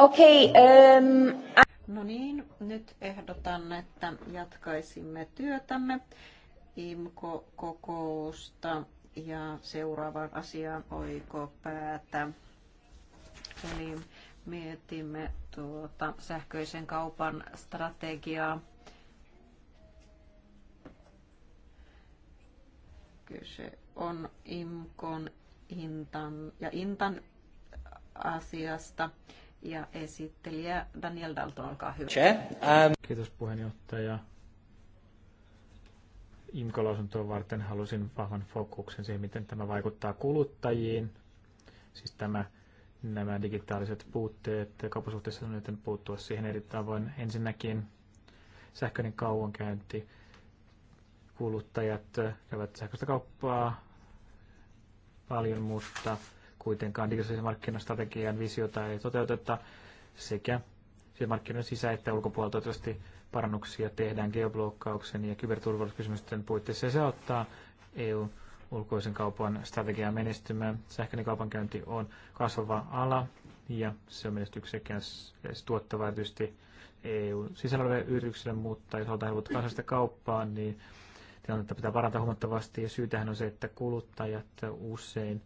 Okei. Okay, um... No niin, nyt ehdotan, että jatkaisimme työtämme IMKO-kokousta ja seuraavan asian päätä. Eli mietimme tuota sähköisen kaupan strategiaa. Kyse on IMKON Intan ja Intan asiasta ja esittelijä Daniel Dalton, olkaa hyvä. Che, um... Kiitos puheenjohtaja. IMCO-lausuntoa varten halusin vahvan fokuksen siihen, miten tämä vaikuttaa kuluttajiin. Siis tämä, nämä digitaaliset puutteet kaupasuhteessa on nyt puuttua siihen eri tavoin. Ensinnäkin sähköinen kauankäynti. Kuluttajat käyvät sähköistä kauppaa paljon, mutta kuitenkaan digitaalisen markkinastrategian visiota ei toteuteta sekä markkinoiden sisä- että ulkopuolelta toivottavasti parannuksia tehdään geoblokkauksen ja kyberturvallisuuskysymysten puitteissa ja se auttaa EU ulkoisen kaupan strategiaa menestymään. Sähköinen kaupankäynti on kasvava ala ja se on menestyksekäs tuottava erityisesti EU-sisällä oleville yrityksille, mutta jos halutaan helpottaa kansallista kauppaa, niin tilannetta pitää parantaa huomattavasti ja syytähän on se, että kuluttajat usein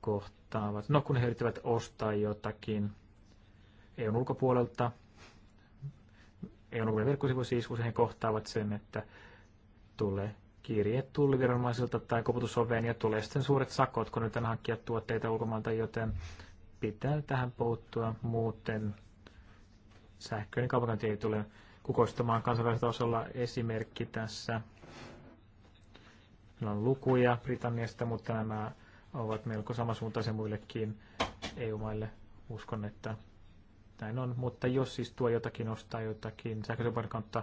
kohtaavat. No kun he yrittävät ostaa jotakin EUn ulkopuolelta, EUn ulkopuolella verkkosivu siis usein he kohtaavat sen, että tulee kirje tulliviranomaisilta tai koputusoveen ja tulee sitten suuret sakot, kun nyt hankkia tuotteita ulkomailta, joten pitää tähän puuttua muuten. Sähköinen kaupankäynti ei tule kukoistamaan kansainvälisellä tasolla esimerkki tässä. Meillä on lukuja Britanniasta, mutta nämä ovat melko samansuuntaisia muillekin EU-maille. Uskon, että näin on. Mutta jos siis tuo jotakin, ostaa jotakin sähkösoparikantta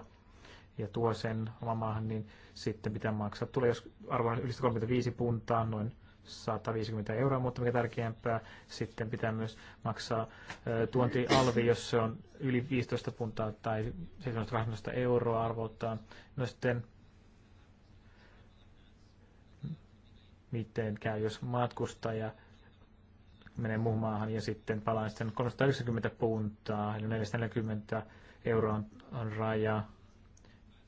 ja tuo sen oman maahan, niin sitten pitää maksaa. Tulee jos arvo on yli 35 puntaa, noin 150 euroa, mutta mikä tärkeämpää, sitten pitää myös maksaa tuontialvi, jos se on yli 15 puntaa tai 17 euroa arvoltaan. No sitten miten käy, jos matkustaja menee muuhun maahan ja sitten palaa sitten 390 puntaa, eli 440 euroa on, on raja.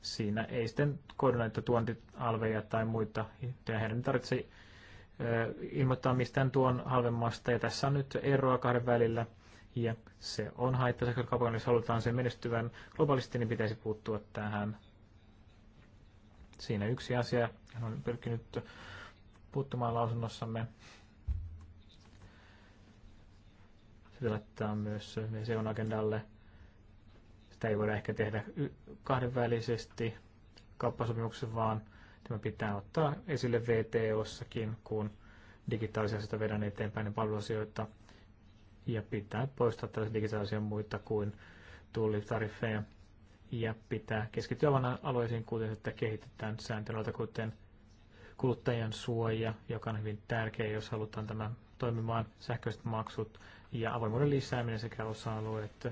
Siinä ei sitten koordinoita tuontialveja tai muita, ja heidän tarvitsee ilmoittaa mistään tuon halvemmasta, ja tässä on nyt eroa kahden välillä, ja se on haitta sähkökaupan, jos halutaan sen menestyvän globaalisti, niin pitäisi puuttua tähän. Siinä yksi asia, hän on pyrkinyt puuttumaan lausunnossamme. Sitä laittaa myös VCOn agendalle. Sitä ei voida ehkä tehdä kahdenvälisesti kauppasopimuksen, vaan tämä pitää ottaa esille VTOssakin, kun digitaalisia asioita vedän eteenpäin ja palveluasioita. Ja pitää poistaa tällaisia digitaalisia muita kuin tullitariffeja. Ja pitää keskittyä vain alueisiin, kuten että kehitetään sääntelyä, kuten kuluttajan suoja, joka on hyvin tärkeä, jos halutaan tämä toimimaan, sähköiset maksut ja avoimuuden lisääminen sekä osa-alueet,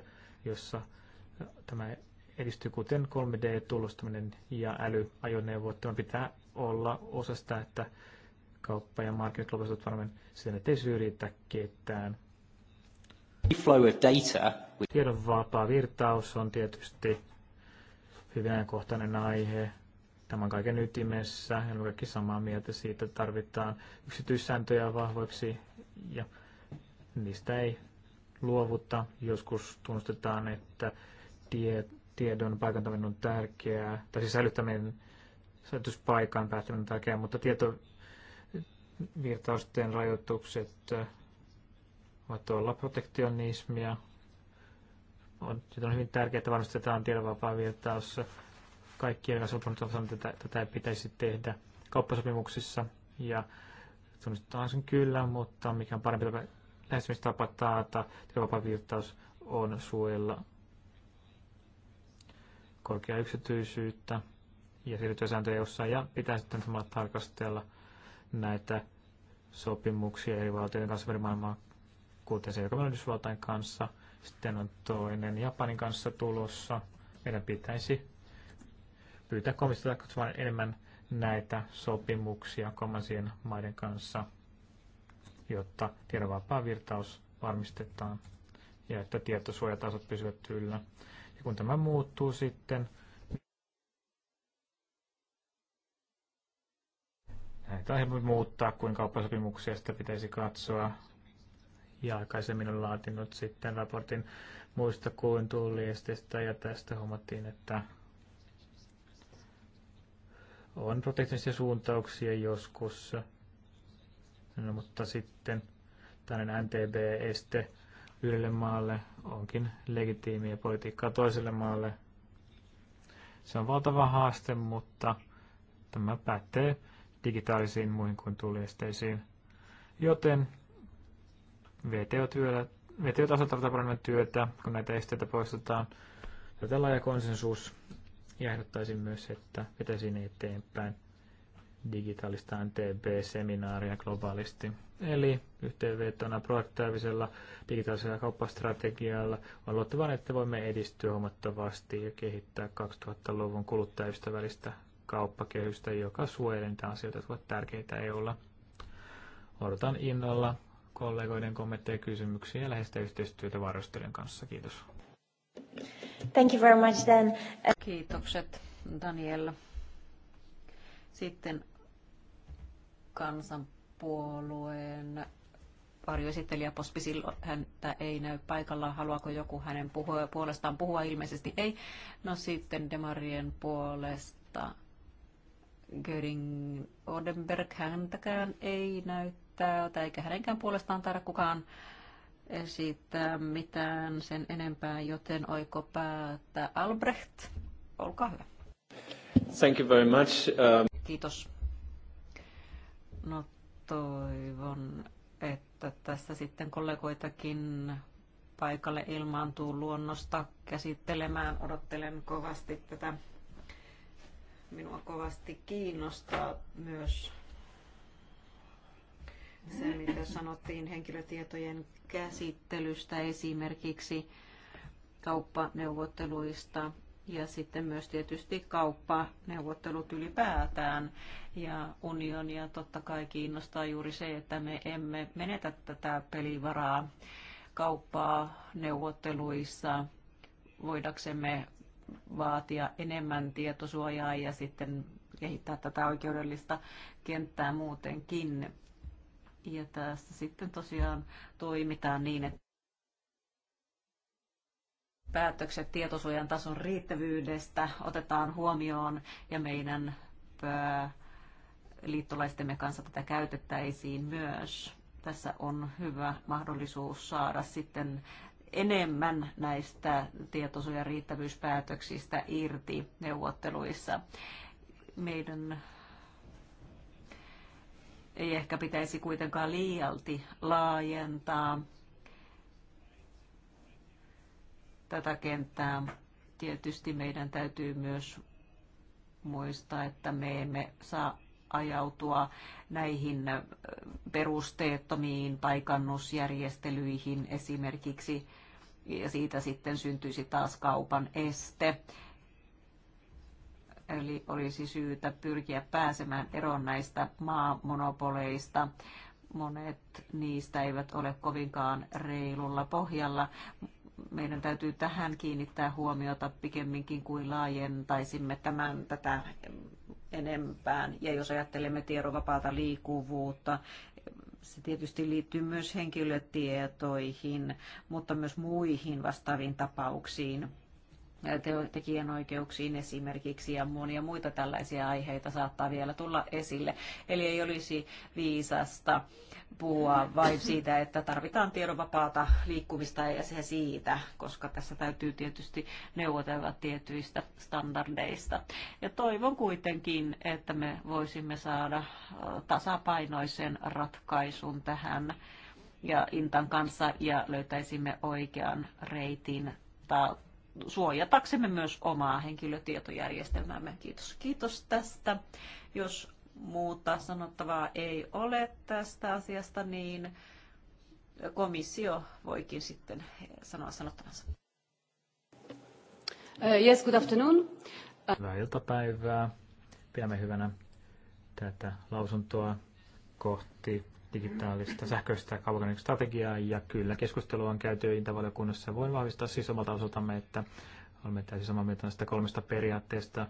jossa tämä edistyy kuten 3D-tulostaminen ja älyajoneuvot. Tämä pitää olla osa sitä, että kauppa ja markkinat lopulliset varmaan sen, ettei syrjitä ketään. Flow of data. Tiedon vapaa virtaus on tietysti hyvin ajankohtainen aihe tämän kaiken ytimessä. Ja olemme kaikki samaa mieltä siitä, että tarvitaan yksityissääntöjä vahvoiksi ja niistä ei luovuta. Joskus tunnustetaan, että tie, tiedon paikantaminen on tärkeää, tai siis säilyttäminen, säilytyspaikan päättäminen on tärkeää, mutta tietovirtausten rajoitukset voivat äh, olla protektionismia. On, on hyvin tärkeää, että varmistetaan tiedonvapaa virtaus kaikki erilaisuudet ovat että tätä ei pitäisi tehdä kauppasopimuksissa. Ja tunnistetaan sen kyllä, mutta mikä on parempi lähestymistapa taata että virtaus on suojella korkeaa yksityisyyttä ja siirtyä sääntöjä jossain ja pitää sitten samalla tarkastella näitä sopimuksia eri valtioiden kanssa eri maailmaa, kuten se, joka on Yhdysvaltain kanssa. Sitten on toinen Japanin kanssa tulossa. Meidän pitäisi pyytää komissiota katsomaan enemmän näitä sopimuksia kolmansien maiden kanssa, jotta tiedonvapaa virtaus varmistetaan ja että tietosuojatasot pysyvät yllä. Ja kun tämä muuttuu sitten, näitä on helpompi muuttaa kuin kauppasopimuksia, sitä pitäisi katsoa. Ja aikaisemmin on laatinut sitten raportin muista kuin tulliestistä ja tästä huomattiin, että on protektionistisia suuntauksia joskus, no, mutta sitten tällainen NTB-este yhdelle maalle onkin legitiimiä politiikkaa toiselle maalle. Se on valtava haaste, mutta tämä pätee digitaalisiin muihin kuin tuliesteisiin. Joten VTO-työllä VTO-tasolla tarvitaan paljon työtä, kun näitä esteitä poistetaan. Tätä laaja konsensus ja ehdottaisin myös, että vetäisin eteenpäin digitaalista NTB-seminaaria globaalisti. Eli yhteenvetona proaktiivisella digitaalisella kauppastrategialla on luottavan, että voimme edistyä huomattavasti ja kehittää 2000-luvun kuluttajaystävällistä kauppakehystä, joka suojelee niitä asioita, jotka ovat tärkeitä EUlla. Odotan innolla kollegoiden kommentteja, kysymyksiä ja läheistä yhteistyötä varjostelijan kanssa. Kiitos. Thank you very much, Kiitokset, Daniel. Sitten kansanpuolueen varjoesittelijä Pospi silloin häntä ei näy paikalla. Haluaako joku hänen puhua, puolestaan puhua? Ilmeisesti ei. No sitten Demarien puolesta Göring Odenberg häntäkään ei näyttää, tai eikä hänenkään puolestaan taida kukaan esittää mitään sen enempää, joten oiko päättää Albrecht. Olkaa hyvä. Thank you very much. Uh... Kiitos. No toivon, että tässä sitten kollegoitakin paikalle ilmaantuu luonnosta käsittelemään. Odottelen kovasti tätä. Minua kovasti kiinnostaa myös se, mitä sanottiin henkilötietojen käsittelystä esimerkiksi kauppaneuvotteluista ja sitten myös tietysti kauppaneuvottelut ylipäätään. Ja unionia totta kai kiinnostaa juuri se, että me emme menetä tätä pelivaraa kauppaa neuvotteluissa voidaksemme vaatia enemmän tietosuojaa ja sitten kehittää tätä oikeudellista kenttää muutenkin. Ja tässä sitten tosiaan toimitaan niin, että päätökset tietosuojan tason riittävyydestä otetaan huomioon ja meidän äh, liittolaistemme kanssa tätä käytettäisiin myös. Tässä on hyvä mahdollisuus saada sitten enemmän näistä tietosuojan riittävyyspäätöksistä irti neuvotteluissa. Meidän ei ehkä pitäisi kuitenkaan liialti laajentaa tätä kenttää. Tietysti meidän täytyy myös muistaa, että me emme saa ajautua näihin perusteettomiin paikannusjärjestelyihin esimerkiksi, ja siitä sitten syntyisi taas kaupan este eli olisi syytä pyrkiä pääsemään eroon näistä maamonopoleista. Monet niistä eivät ole kovinkaan reilulla pohjalla. Meidän täytyy tähän kiinnittää huomiota pikemminkin kuin laajentaisimme tämän tätä enempään. Ja jos ajattelemme tiedonvapaata liikkuvuutta, se tietysti liittyy myös henkilötietoihin, mutta myös muihin vastaaviin tapauksiin tekijänoikeuksiin esimerkiksi ja monia muita tällaisia aiheita saattaa vielä tulla esille. Eli ei olisi viisasta puhua vain siitä, että tarvitaan tiedonvapaata liikkumista ja se siitä, koska tässä täytyy tietysti neuvotella tietyistä standardeista. Ja toivon kuitenkin, että me voisimme saada tasapainoisen ratkaisun tähän ja Intan kanssa ja löytäisimme oikean reitin suojataksemme myös omaa henkilötietojärjestelmäämme. Kiitos. Kiitos tästä. Jos muuta sanottavaa ei ole tästä asiasta, niin komissio voikin sitten sanoa sanottavansa. Uh, yes, good afternoon. Uh, Hyvää iltapäivää. Pidämme hyvänä tätä lausuntoa kohti digitaalista sähköistä kaupunkin strategiaa ja kyllä keskustelua on käyty Intavaliokunnassa. Voin vahvistaa siis omalta osaltamme, että olemme täysin samaa mieltä näistä kolmesta periaatteesta,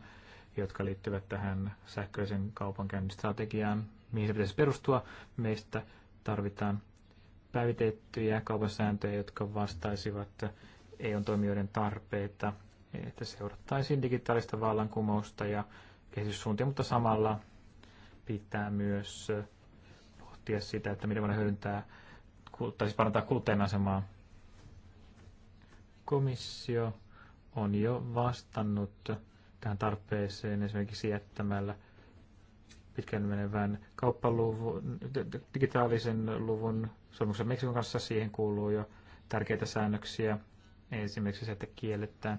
jotka liittyvät tähän sähköisen kaupankäynnin strategiaan, mihin se pitäisi perustua. Meistä tarvitaan päivitettyjä kaupan sääntöjä, jotka vastaisivat eu toimijoiden tarpeita, että seurattaisiin digitaalista vallankumousta ja kehityssuuntia, mutta samalla pitää myös pohtia sitä, että miten voidaan hyödyntää tai siis parantaa kuluttajan asemaa. Komissio on jo vastannut tähän tarpeeseen esimerkiksi jättämällä pitkän menevän kauppaluvun, digitaalisen luvun sopimuksen Meksikon kanssa. Siihen kuuluu jo tärkeitä säännöksiä. Esimerkiksi se, että kielletään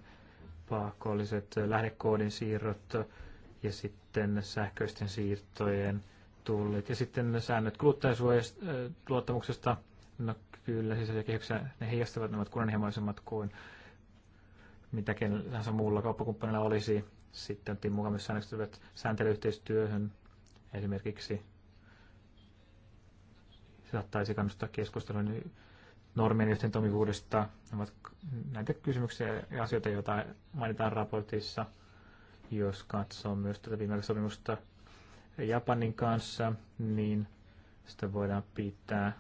pakolliset lähdekoodin siirrot ja sitten sähköisten siirtojen tullit. Ja sitten säännöt kuluttajansuojaluottamuksesta, äh, no kyllä, siis kehyksiä ne heijastavat, ne ovat kunnianhimoisemmat kuin mitä kenellänsä muulla kauppakumppanilla olisi. Sitten otettiin mukaan myös säännökset sääntelyyhteistyöhön esimerkiksi. Se saattaisi kannustaa keskustelun normien yhteen toimivuudesta. Ne ovat näitä kysymyksiä ja asioita, joita mainitaan raportissa, jos katsoo myös tätä viime sopimusta Japanin kanssa, niin sitä voidaan pitää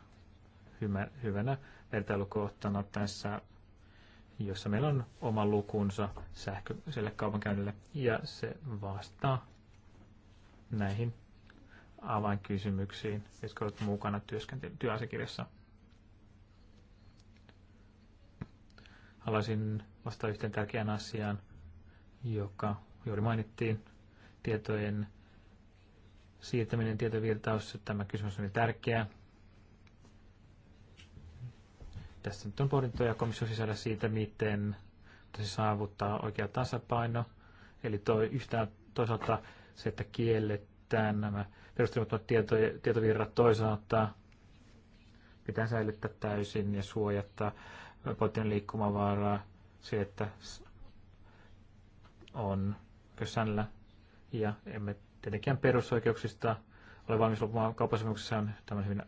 hyvänä vertailukohtana tässä, jossa meillä on oma lukunsa sähköiselle kaupankäynnille, ja se vastaa näihin avainkysymyksiin, jotka ovat mukana työasiakirjassa. Haluaisin vastata yhteen tärkeään asiaan, joka juuri mainittiin tietojen siirtäminen tietovirtaus, tämä kysymys on niin tärkeä. Tässä nyt on pohdintoja komission sisällä siitä, miten se saavuttaa oikea tasapaino. Eli toi yhtään toisaalta se, että kielletään nämä perustelemattomat tieto, tietovirrat toisaalta pitää säilyttää täysin ja suojata potentiaalinen liikkumavaraa se, että on kösänllä ja emme tietenkin perusoikeuksista ole valmis luopumaan kauppasopimuksessa on tämmöinen hyvin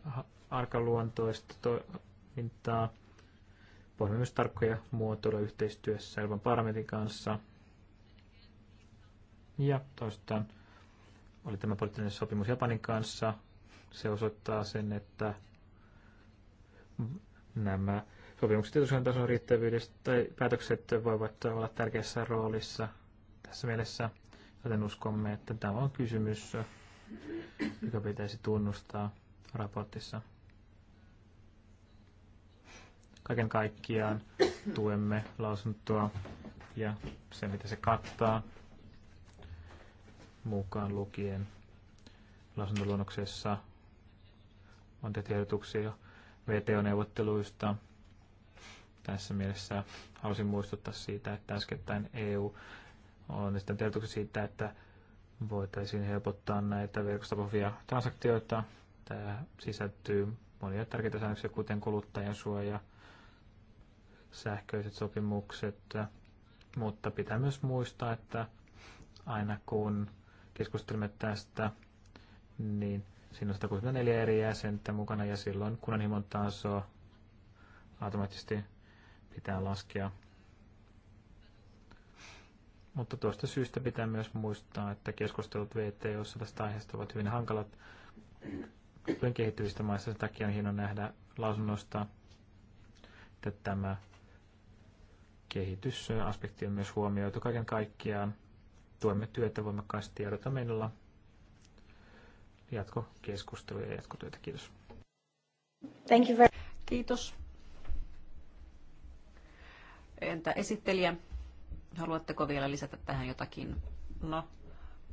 arkaluontoista toimintaa. Voimme myös tarkkoja muotoilla yhteistyössä Euroopan parlamentin kanssa. Ja toistaan oli tämä poliittinen sopimus Japanin kanssa. Se osoittaa sen, että nämä sopimukset tietosuojan tason riittävyydestä tai päätökset voivat olla tärkeässä roolissa tässä mielessä – joten uskomme, että tämä on kysymys, joka pitäisi tunnustaa raportissa. Kaiken kaikkiaan tuemme lausuntoa ja se, mitä se kattaa, mukaan lukien lausuntoluonnoksessa on tehty ehdotuksia VTO-neuvotteluista. Tässä mielessä halusin muistuttaa siitä, että äskettäin EU on sitten siitä, että voitaisiin helpottaa näitä verkostopohjia transaktioita. Tämä sisältyy monia tärkeitä säännöksiä, kuten kuluttajan suoja, sähköiset sopimukset, mutta pitää myös muistaa, että aina kun keskustelemme tästä, niin siinä on 164 eri jäsentä mukana ja silloin kunnanhimon taso automaattisesti pitää laskea mutta tuosta syystä pitää myös muistaa, että keskustelut VTOssa tästä aiheesta ovat hyvin hankalat. Kuten kehittyvistä maissa, sen takia on hieno nähdä lausunnosta, että tämä kehitysaspekti on myös huomioitu kaiken kaikkiaan. Tuemme työtä voimakkaasti ja odotamme Jatko keskustelua ja jatkotyötä. Kiitos. Thank you very- Kiitos. Entä esittelijä? Haluatteko vielä lisätä tähän jotakin? No,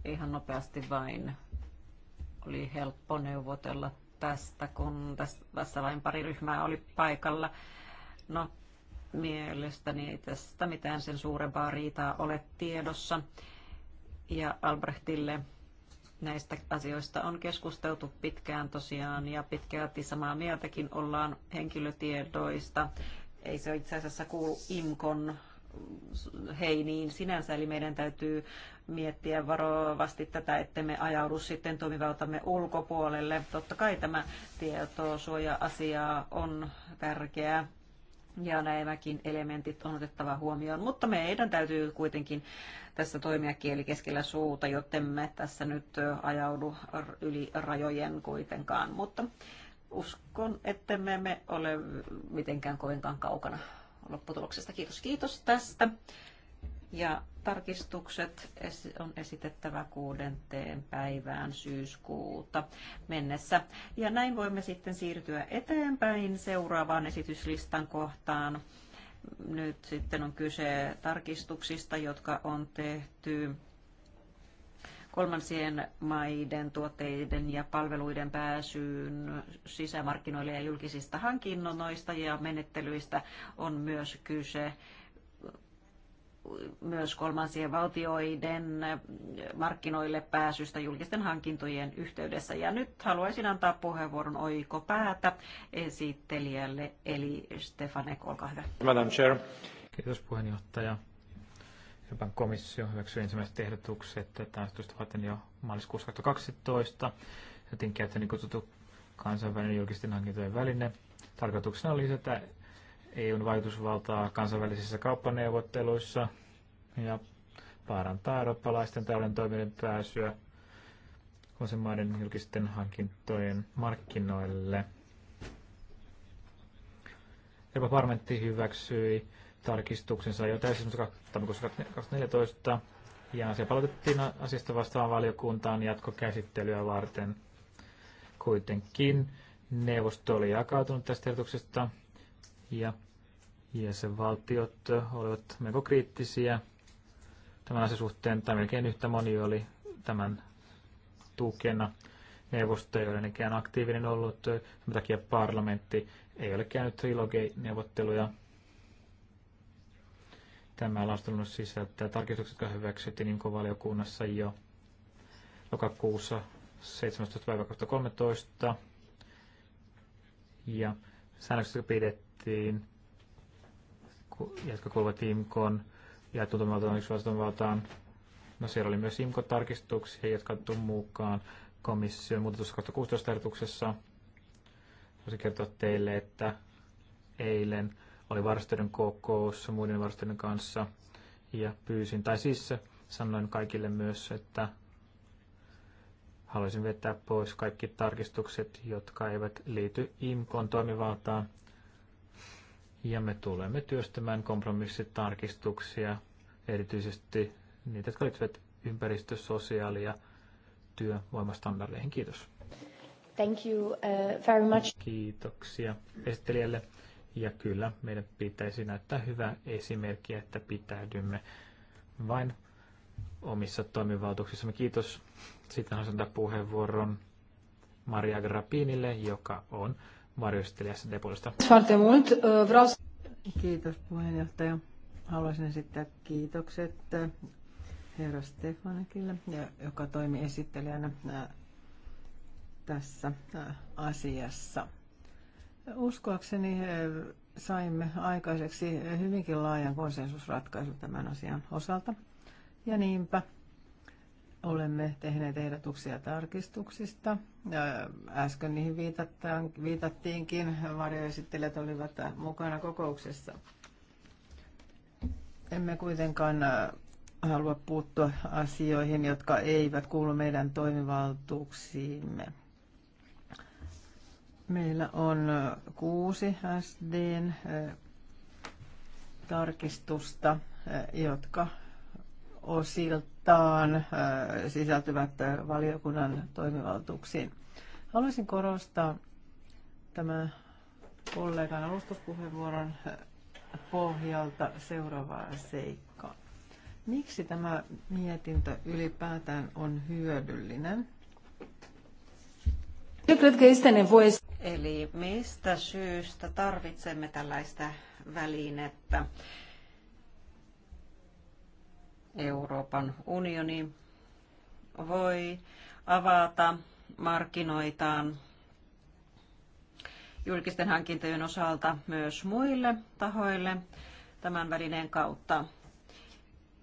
ihan nopeasti vain. Oli helppo neuvotella tästä, kun tässä vain pari ryhmää oli paikalla. No, mielestäni ei tästä mitään sen suurempaa riitaa ole tiedossa. Ja Albrechtille näistä asioista on keskusteltu pitkään tosiaan ja pitkälti samaa mieltäkin ollaan henkilötiedoista. Ei se itse asiassa kuulu IMKON heiniin sinänsä, eli meidän täytyy miettiä varovasti tätä, ettei me ajaudu sitten toimivaltamme ulkopuolelle. Totta kai tämä tietosuoja-asia on tärkeää ja nämäkin elementit on otettava huomioon, mutta meidän täytyy kuitenkin tässä toimia kieli keskellä suuta, joten me tässä nyt ajaudu yli rajojen kuitenkaan, mutta uskon, että me me ole mitenkään kovinkaan kaukana lopputuloksesta. Kiitos, kiitos tästä. Ja tarkistukset on esitettävä kuudenteen päivään syyskuuta mennessä. Ja näin voimme sitten siirtyä eteenpäin seuraavaan esityslistan kohtaan. Nyt sitten on kyse tarkistuksista, jotka on tehty kolmansien maiden tuotteiden ja palveluiden pääsyyn sisämarkkinoille ja julkisista hankinnoista ja menettelyistä on myös kyse myös kolmansien valtioiden markkinoille pääsystä julkisten hankintojen yhteydessä. Ja nyt haluaisin antaa puheenvuoron päätä esittelijälle, eli Stefanek, olkaa hyvä. Madam Chair. Kiitos puheenjohtaja. Euroopan komissio hyväksyi ensimmäiset ehdotukset taistelusta varten jo maaliskuussa 2012. Joten käyttöön niin kutsuttu kansainvälinen julkisten hankintojen väline. Tarkoituksena oli lisätä EUn vaikutusvaltaa kansainvälisissä kauppaneuvotteluissa ja parantaa eurooppalaisten talouden toimijoiden pääsyä maiden julkisten hankintojen markkinoille. Euroopan parlamentti hyväksyi tarkistuksensa jo täysin tammikuussa 2014 ja se palautettiin asiasta vastaan valiokuntaan jatkokäsittelyä varten. Kuitenkin neuvosto oli jakautunut tästä ehdotuksesta ja jäsenvaltiot olivat melko kriittisiä tämän asian suhteen, tai melkein yhtä moni oli tämän tukena. Neuvosto ei ole aktiivinen ollut, sen takia parlamentti ei ole käynyt neuvotteluja Tämä lausunnonluonnos sisältää tarkistukset, jotka hyväksyttiin IMCO-valiokunnassa jo lokakuussa 17.13. Ja säännökset pidettiin, jotka kuuluvat IMKon ja tuntumaltaan No siellä oli myös IMKO-tarkistuksia, jotka on mukaan komission muutetussa 2016 ehdotuksessa. Voisin kertoa teille, että eilen oli varastoiden kokous muiden varastoiden kanssa ja pyysin, tai siis sanoin kaikille myös, että haluaisin vetää pois kaikki tarkistukset, jotka eivät liity IMKon toimivaltaan. Ja me tulemme työstämään kompromissitarkistuksia, erityisesti niitä, jotka liittyvät ympäristö-, sosiaali- ja työvoimastandardeihin. Kiitos. Thank you uh, very much. Kiitoksia esittelijälle. Ja kyllä, meidän pitäisi näyttää hyvää esimerkkiä, että pitäydymme vain omissa toimivaltuuksissamme. Kiitos. Sitten haluaisin antaa puheenvuoron Maria Grappinille, joka on varjostelijassa Depolista. Kiitos puheenjohtaja. Haluaisin esittää kiitokset äh, herra Stefanekille, joka toimi esittelijänä äh, tässä äh, asiassa. Uskoakseni eh, saimme aikaiseksi hyvinkin laajan konsensusratkaisun tämän asian osalta. Ja niinpä olemme tehneet ehdotuksia tarkistuksista. Äsken niihin viitattiinkin. Varjoesittelijät olivat mukana kokouksessa. Emme kuitenkaan eh, halua puuttua asioihin, jotka eivät kuulu meidän toimivaltuuksiimme. Meillä on kuusi SDn tarkistusta, jotka osiltaan sisältyvät valiokunnan toimivaltuuksiin. Haluaisin korostaa tämän kollegan alustuspuheenvuoron pohjalta seuraavaa seikkaa. Miksi tämä mietintö ylipäätään on hyödyllinen? Eli mistä syystä tarvitsemme tällaista välinettä? Euroopan unioni voi avata markkinoitaan julkisten hankintojen osalta myös muille tahoille tämän välineen kautta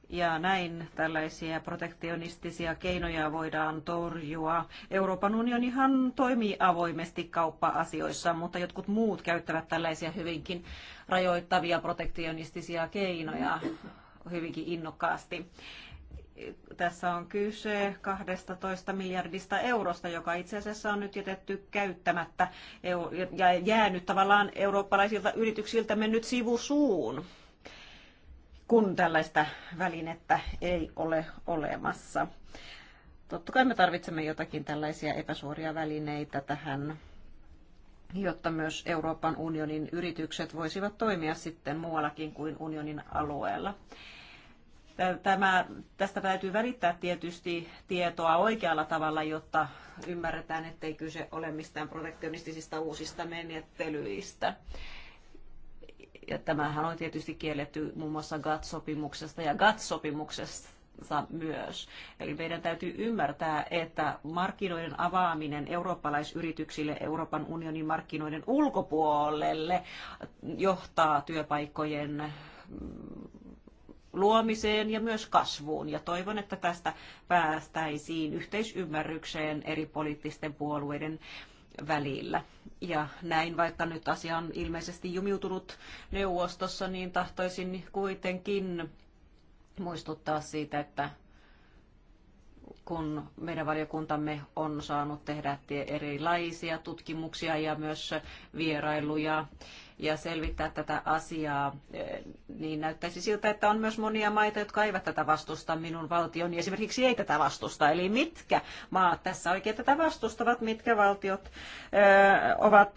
ja näin tällaisia protektionistisia keinoja voidaan torjua. Euroopan unionihan toimii avoimesti kauppa-asioissa, mutta jotkut muut käyttävät tällaisia hyvinkin rajoittavia protektionistisia keinoja hyvinkin innokkaasti. Tässä on kyse 12 miljardista eurosta, joka itse asiassa on nyt jätetty käyttämättä ja jäänyt tavallaan eurooppalaisilta yrityksiltä mennyt sivusuun kun tällaista välinettä ei ole olemassa. Totta kai me tarvitsemme jotakin tällaisia epäsuoria välineitä tähän, jotta myös Euroopan unionin yritykset voisivat toimia sitten muuallakin kuin unionin alueella. Tämä, tästä täytyy välittää tietysti tietoa oikealla tavalla, jotta ymmärretään, ettei kyse ole mistään protektionistisista uusista menettelyistä. Ja tämähän on tietysti kielletty muun muassa GATT-sopimuksesta ja GATT-sopimuksesta myös. Eli meidän täytyy ymmärtää, että markkinoiden avaaminen eurooppalaisyrityksille Euroopan unionin markkinoiden ulkopuolelle johtaa työpaikkojen mm, luomiseen ja myös kasvuun. Ja toivon, että tästä päästäisiin yhteisymmärrykseen eri poliittisten puolueiden välillä. Ja näin, vaikka nyt asia on ilmeisesti jumiutunut neuvostossa, niin tahtoisin kuitenkin muistuttaa siitä, että kun meidän valiokuntamme on saanut tehdä erilaisia tutkimuksia ja myös vierailuja ja selvittää tätä asiaa, eh, niin näyttäisi siltä, että on myös monia maita, jotka eivät tätä vastusta. Minun valtioni esimerkiksi ei tätä vastusta. Eli mitkä maat tässä oikein tätä vastustavat, mitkä valtiot eh, ovat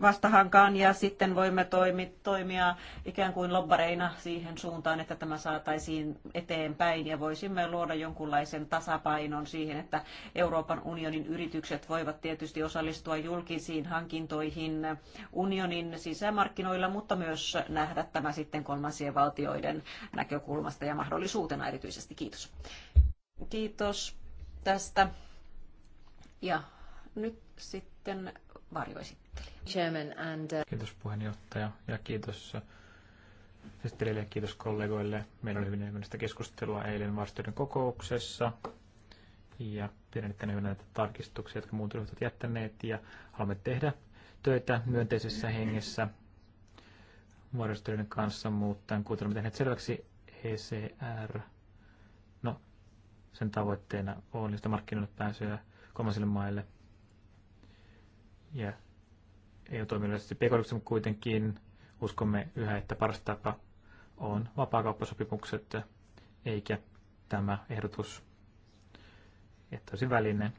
vastahankaan ja sitten voimme toimi, toimia ikään kuin lobbareina siihen suuntaan, että tämä saataisiin eteenpäin ja voisimme luoda jonkunlaisen tasapainon siihen, että Euroopan unionin yritykset voivat tietysti osallistua julkisiin hankintoihin unionin sisämaan sisämarkkinoilla, mutta myös nähdä tämä sitten kolmansien valtioiden näkökulmasta ja mahdollisuutena erityisesti. Kiitos. Kiitos tästä. Ja nyt sitten varjoesittelijä. and, uh, Kiitos puheenjohtaja ja kiitos esittelijälle ja kiitos kollegoille. Meillä oli hyvin hyvin keskustelua eilen varastoiden kokouksessa ja pidän erittäin hyvänä näitä tarkistuksia, jotka muut ryhmät ovat jättäneet ja haluamme tehdä töitä myönteisessä hengessä varjostelijoiden kanssa, mutta en olemme tehnyt selväksi, ECR, no sen tavoitteena on niistä markkinoille pääsyä kolmansille maille ja ole toimivallisesti pk kuitenkin uskomme yhä, että paras tapa on vapaakauppasopimukset, eikä tämä ehdotus, että olisi väline.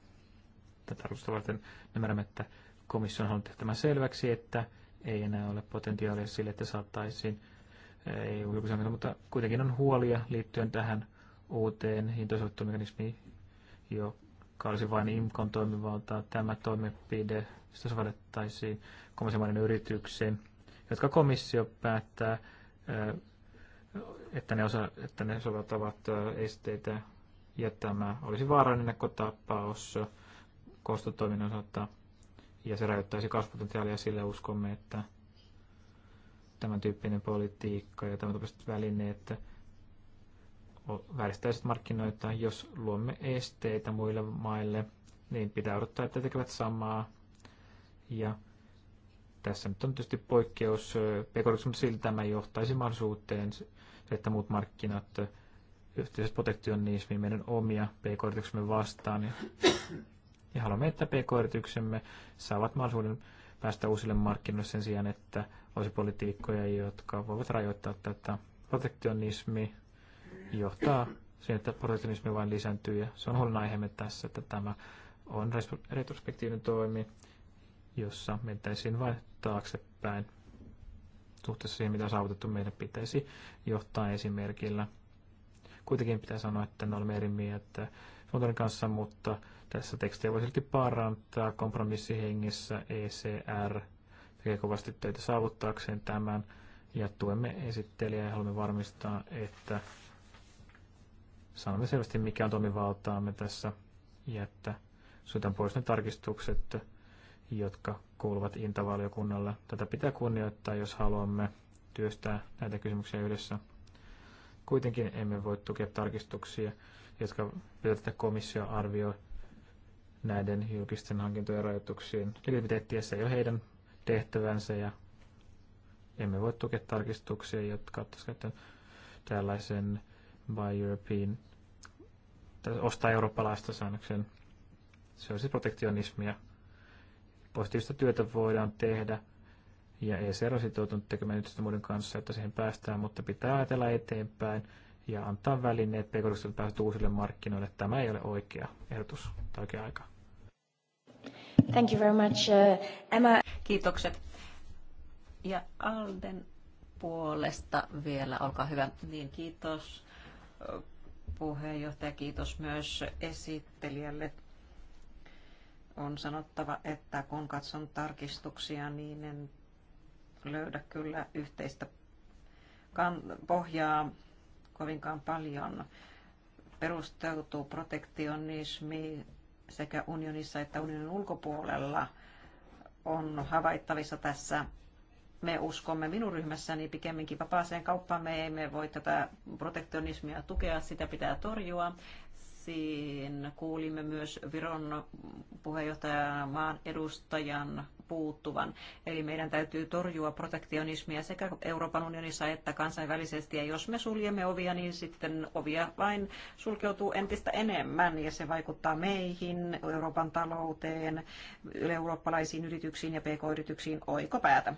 Tätä tarkoitusta varten ymmärrämme, että komissio on halunnut tehdä tämän selväksi, että ei enää ole potentiaalia sille, että saattaisiin EU-julkisen eh, mutta kuitenkin on huolia liittyen tähän uuteen hintasoittomekanismiin, joka olisi vain IMKon toimivaltaa. Tämä toimenpide sitä sovellettaisiin komissiomainen yrityksiin, jotka komissio päättää, eh, että ne, osa, että ne soveltavat eh, esteitä ja tämä olisi vaarallinen kotapaus kostotoiminnan osalta ja se rajoittaisi kasvupotentiaalia sille uskomme, että tämän tyyppinen politiikka ja tämän tyyppiset välineet vääristäisivät markkinoita. Jos luomme esteitä muille maille, niin pitää odottaa, että tekevät samaa. Ja tässä nyt on tietysti poikkeus pekoriksi, mutta silti tämä johtaisi mahdollisuuteen, että muut markkinat yhteiset protektionismi, meidän omia pk vastaan. niin ja haluamme, että pk-yrityksemme saavat mahdollisuuden päästä uusille markkinoille sen sijaan, että olisi politiikkoja, jotka voivat rajoittaa tätä. Protektionismi johtaa siihen, että protektionismi vain lisääntyy ja se on huolenaiheemme tässä, että tämä on retrospektiivinen toimi, jossa mentäisiin vain taaksepäin suhteessa siihen, mitä on saavutettu, meidän pitäisi johtaa esimerkillä. Kuitenkin pitää sanoa, että me olemme eri mieltä Fontonin kanssa, mutta tässä tekstejä voi silti parantaa kompromissihengessä ECR tekee kovasti töitä saavuttaakseen tämän ja tuemme esittelijää ja haluamme varmistaa, että sanomme selvästi, mikä on toimivaltaamme tässä ja että suljetaan pois ne tarkistukset, jotka kuuluvat intavaliokunnalle. Tätä pitää kunnioittaa, jos haluamme työstää näitä kysymyksiä yhdessä. Kuitenkin emme voi tukea tarkistuksia, jotka pyytävät komissio arvioi näiden julkisten hankintojen rajoituksien legitimiteettiä, se heidän tehtävänsä ja emme voi tukea tarkistuksia, jotka ottaisivat tällaisen buy European, tai ostaa eurooppalaista säännöksen. Se olisi protektionismia. Positiivista työtä voidaan tehdä, ja ECR on sitoutunut tekemään yhteistyötä muiden kanssa, että siihen päästään, mutta pitää ajatella eteenpäin ja antaa välineet pk pääsevät uusille markkinoille. Tämä ei ole oikea ehdotus tai oikea aika. Thank you very much, uh, Emma. Kiitokset. Ja Alden puolesta vielä, olkaa hyvä. Niin, kiitos puheenjohtaja, kiitos myös esittelijälle. On sanottava, että kun katson tarkistuksia, niin en löydä kyllä yhteistä pohjaa kovinkaan paljon. Perusteutuu protektionismi, sekä unionissa että unionin ulkopuolella on havaittavissa tässä. Me uskomme minun ryhmässäni pikemminkin vapaaseen kauppaan. Me emme voi tätä protektionismia tukea, sitä pitää torjua. Siinä kuulimme myös Viron puheenjohtajamaan edustajan puuttuvan. Eli meidän täytyy torjua protektionismia sekä Euroopan unionissa että kansainvälisesti. Ja jos me suljemme ovia, niin sitten ovia vain sulkeutuu entistä enemmän ja se vaikuttaa meihin, Euroopan talouteen, eurooppalaisiin yrityksiin ja pk-yrityksiin oikopäätä.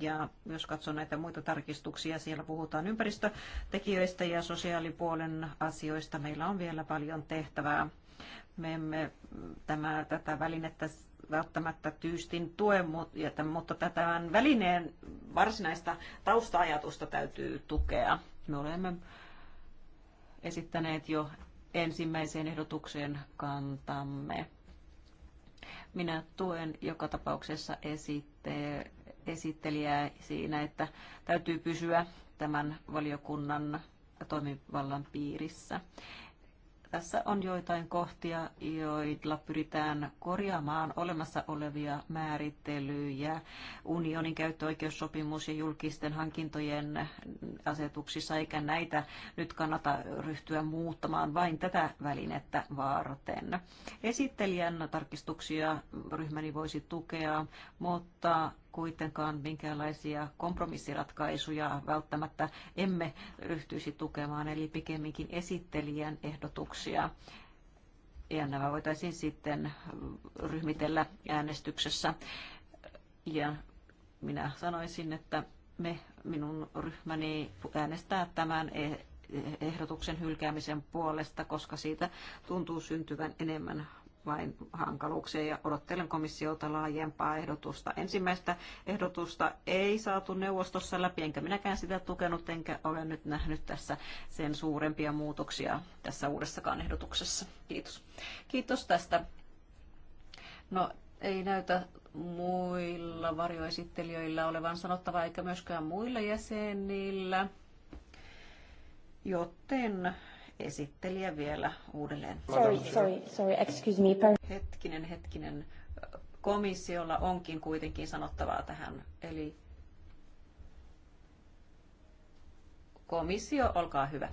Ja jos katson näitä muita tarkistuksia, siellä puhutaan ympäristötekijöistä ja sosiaalipuolen asioista. Meillä on vielä paljon tehtävää. Me emme tämä, tätä välinettä välttämättä tyystin tue, mutta tätä välineen varsinaista taustaajatusta täytyy tukea. Me olemme esittäneet jo ensimmäiseen ehdotukseen kantamme. Minä tuen joka tapauksessa esitte, esittelijää siinä, että täytyy pysyä tämän valiokunnan toimivallan piirissä. Tässä on joitain kohtia, joilla pyritään korjaamaan olemassa olevia määrittelyjä. Unionin käyttöoikeussopimus ja julkisten hankintojen asetuksissa, eikä näitä nyt kannata ryhtyä muuttamaan vain tätä välinettä varten. Esittelijän tarkistuksia ryhmäni voisi tukea, mutta kuitenkaan minkäänlaisia kompromissiratkaisuja välttämättä emme ryhtyisi tukemaan, eli pikemminkin esittelijän ehdotuksia. Ja nämä voitaisiin sitten ryhmitellä äänestyksessä. Ja minä sanoisin, että me, minun ryhmäni äänestää tämän e- ehdotuksen hylkäämisen puolesta, koska siitä tuntuu syntyvän enemmän vain hankaluuksia ja odottelen komissiolta laajempaa ehdotusta. Ensimmäistä ehdotusta ei saatu neuvostossa läpi, enkä minäkään sitä tukenut, enkä ole nyt nähnyt tässä sen suurempia muutoksia tässä uudessakaan ehdotuksessa. Kiitos. Kiitos tästä. No, ei näytä muilla varjoesittelijöillä olevan sanottavaa, eikä myöskään muilla jäsenillä, joten esittelijä vielä uudelleen. Sorry, sorry, sorry, excuse me. per. Hetkinen, hetkinen. Komissiolla onkin kuitenkin sanottavaa tähän. Eli komissio, olkaa hyvä.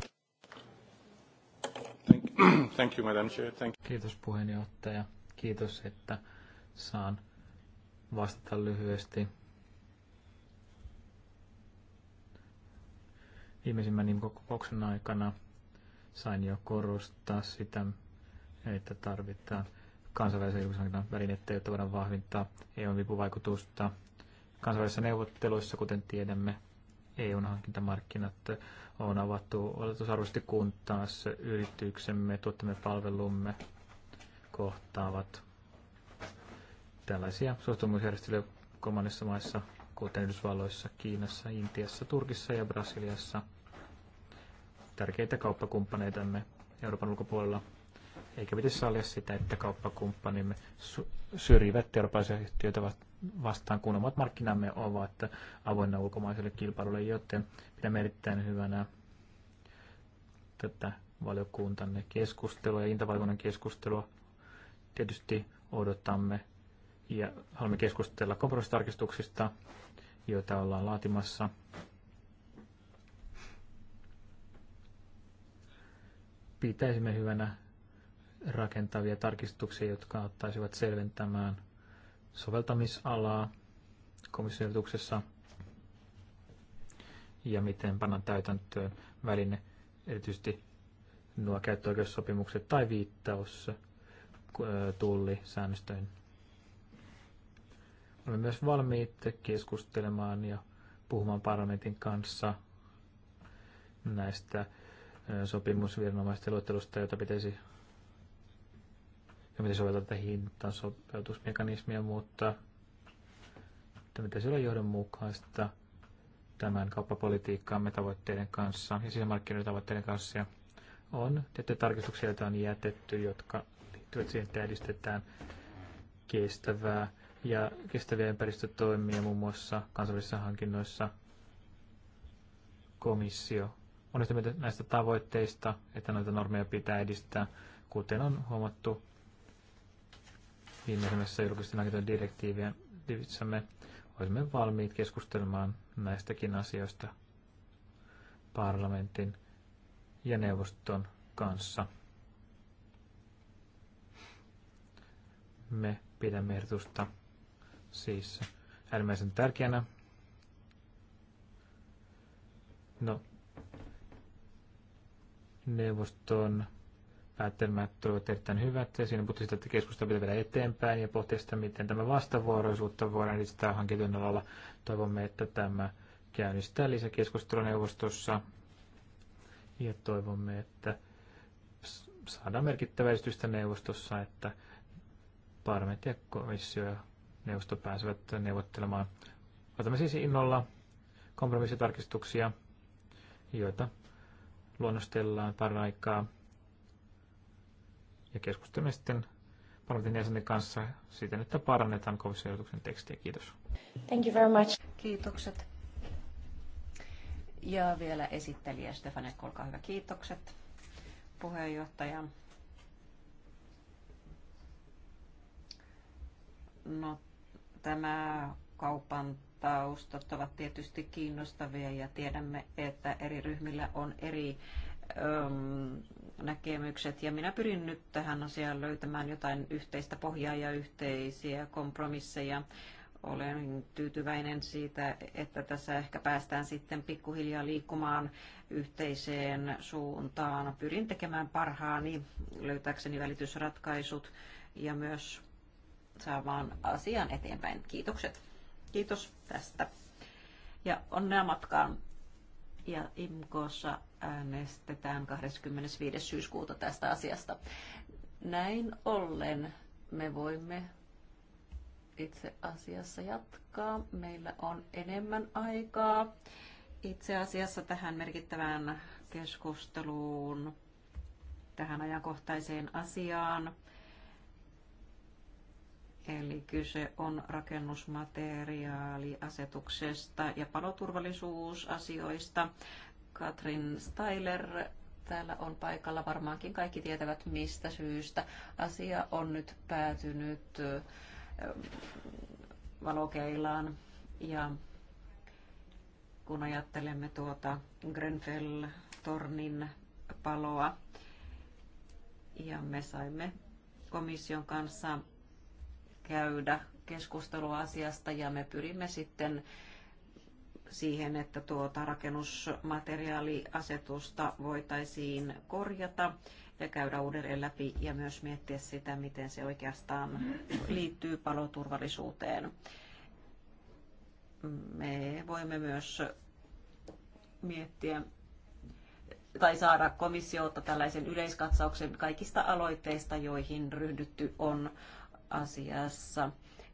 Thank, thank you, Madam Chair. Thank you. Kiitos puheenjohtaja. Kiitos, että saan vastata lyhyesti. Viimeisimmän kokouksen aikana sain jo korostaa sitä, että tarvitaan kansainvälisen julkisen välinettä, jotta voidaan vahvintaa EUn vipuvaikutusta. Kansainvälisissä neuvotteluissa, kuten tiedämme, EUn hankintamarkkinat on avattu oletusarvoisesti, kun taas yrityksemme, tuottamme palvelumme kohtaavat tällaisia suostumusjärjestelyjä kolmannissa maissa, kuten Yhdysvalloissa, Kiinassa, Intiassa, Turkissa ja Brasiliassa – tärkeitä kauppakumppaneitamme Euroopan ulkopuolella. Eikä pitäisi sallia sitä, että kauppakumppanimme syrjivät eurooppalaisia yhtiöitä vastaan, kun omat markkinamme ovat avoinna ulkomaiselle kilpailulle, joten pidämme erittäin hyvänä tätä valiokuntanne keskustelua ja intavaikunnan keskustelua. Tietysti odotamme ja haluamme keskustella kompromissitarkistuksista, joita ollaan laatimassa pitäisimme hyvänä rakentavia tarkistuksia, jotka auttaisivat selventämään soveltamisalaa komissiotuksessa ja miten pannaan täytäntöön väline, erityisesti nuo käyttöoikeussopimukset tai viittaus tullisäännöstöön. Olemme myös valmiit keskustelemaan ja puhumaan parlamentin kanssa näistä sopimus viranomaisten luettelusta, jota pitäisi jota pitäisi soveltaa tätä hintaan sopeutusmekanismia, mutta tämä pitäisi olla johdonmukaista tämän kauppapolitiikkaamme tavoitteiden kanssa ja sisämarkkinoiden tavoitteiden kanssa. Ja on tiettyjä tarkistuksia, joita on jätetty, jotka liittyvät siihen, että edistetään kestävää ja kestäviä ympäristötoimia muun muassa kansallisissa hankinnoissa komissio on mieltä näistä tavoitteista, että noita normeja pitää edistää, kuten on huomattu viimeisimmässä julkisten hankintojen direktiivien divitsamme. Olisimme valmiit keskustelemaan näistäkin asioista parlamentin ja neuvoston kanssa. Me pidämme ehdotusta siis äärimmäisen tärkeänä. No, neuvoston päättelmät ovat erittäin hyvät ja siinä puhuttiin sitä, että keskustelua pitää vielä eteenpäin ja pohtia sitä, miten tämä vastavuoroisuutta voidaan edistää hanketyön alalla. Toivomme, että tämä käynnistää lisäkeskustelua neuvostossa ja toivomme, että saadaan merkittävää esitystä neuvostossa, että parlamentti ja komissio ja neuvosto pääsevät neuvottelemaan. Otamme siis innolla kompromissitarkistuksia, joita luonnostellaan paraikaa. Ja keskustelemme sitten parlamentin jäsenen kanssa siten, että parannetaan kovissa tekstiä. Kiitos. Thank you very much. Kiitokset. Ja vielä esittelijä Stefane, olkaa hyvä. Kiitokset puheenjohtaja. No, tämä kaupan taustat ovat tietysti kiinnostavia ja tiedämme, että eri ryhmillä on eri äm, näkemykset. Ja minä pyrin nyt tähän asiaan löytämään jotain yhteistä pohjaa ja yhteisiä kompromisseja. Olen tyytyväinen siitä, että tässä ehkä päästään sitten pikkuhiljaa liikkumaan yhteiseen suuntaan. Pyrin tekemään parhaani löytääkseni välitysratkaisut ja myös saamaan asian eteenpäin. Kiitokset. Kiitos tästä. Ja onnea matkaan. Ja Imkoossa äänestetään 25. syyskuuta tästä asiasta. Näin ollen me voimme itse asiassa jatkaa. Meillä on enemmän aikaa itse asiassa tähän merkittävään keskusteluun, tähän ajankohtaiseen asiaan. Eli kyse on rakennusmateriaaliasetuksesta ja paloturvallisuusasioista. Katrin Steiler täällä on paikalla. Varmaankin kaikki tietävät, mistä syystä asia on nyt päätynyt ähm, valokeilaan. Ja kun ajattelemme tuota Grenfell-tornin paloa, ja me saimme komission kanssa käydä keskustelua asiasta ja me pyrimme sitten siihen, että tuota rakennusmateriaaliasetusta voitaisiin korjata ja käydä uudelleen läpi ja myös miettiä sitä, miten se oikeastaan liittyy paloturvallisuuteen. Me voimme myös miettiä tai saada komissiolta tällaisen yleiskatsauksen kaikista aloitteista, joihin ryhdytty on asiassa.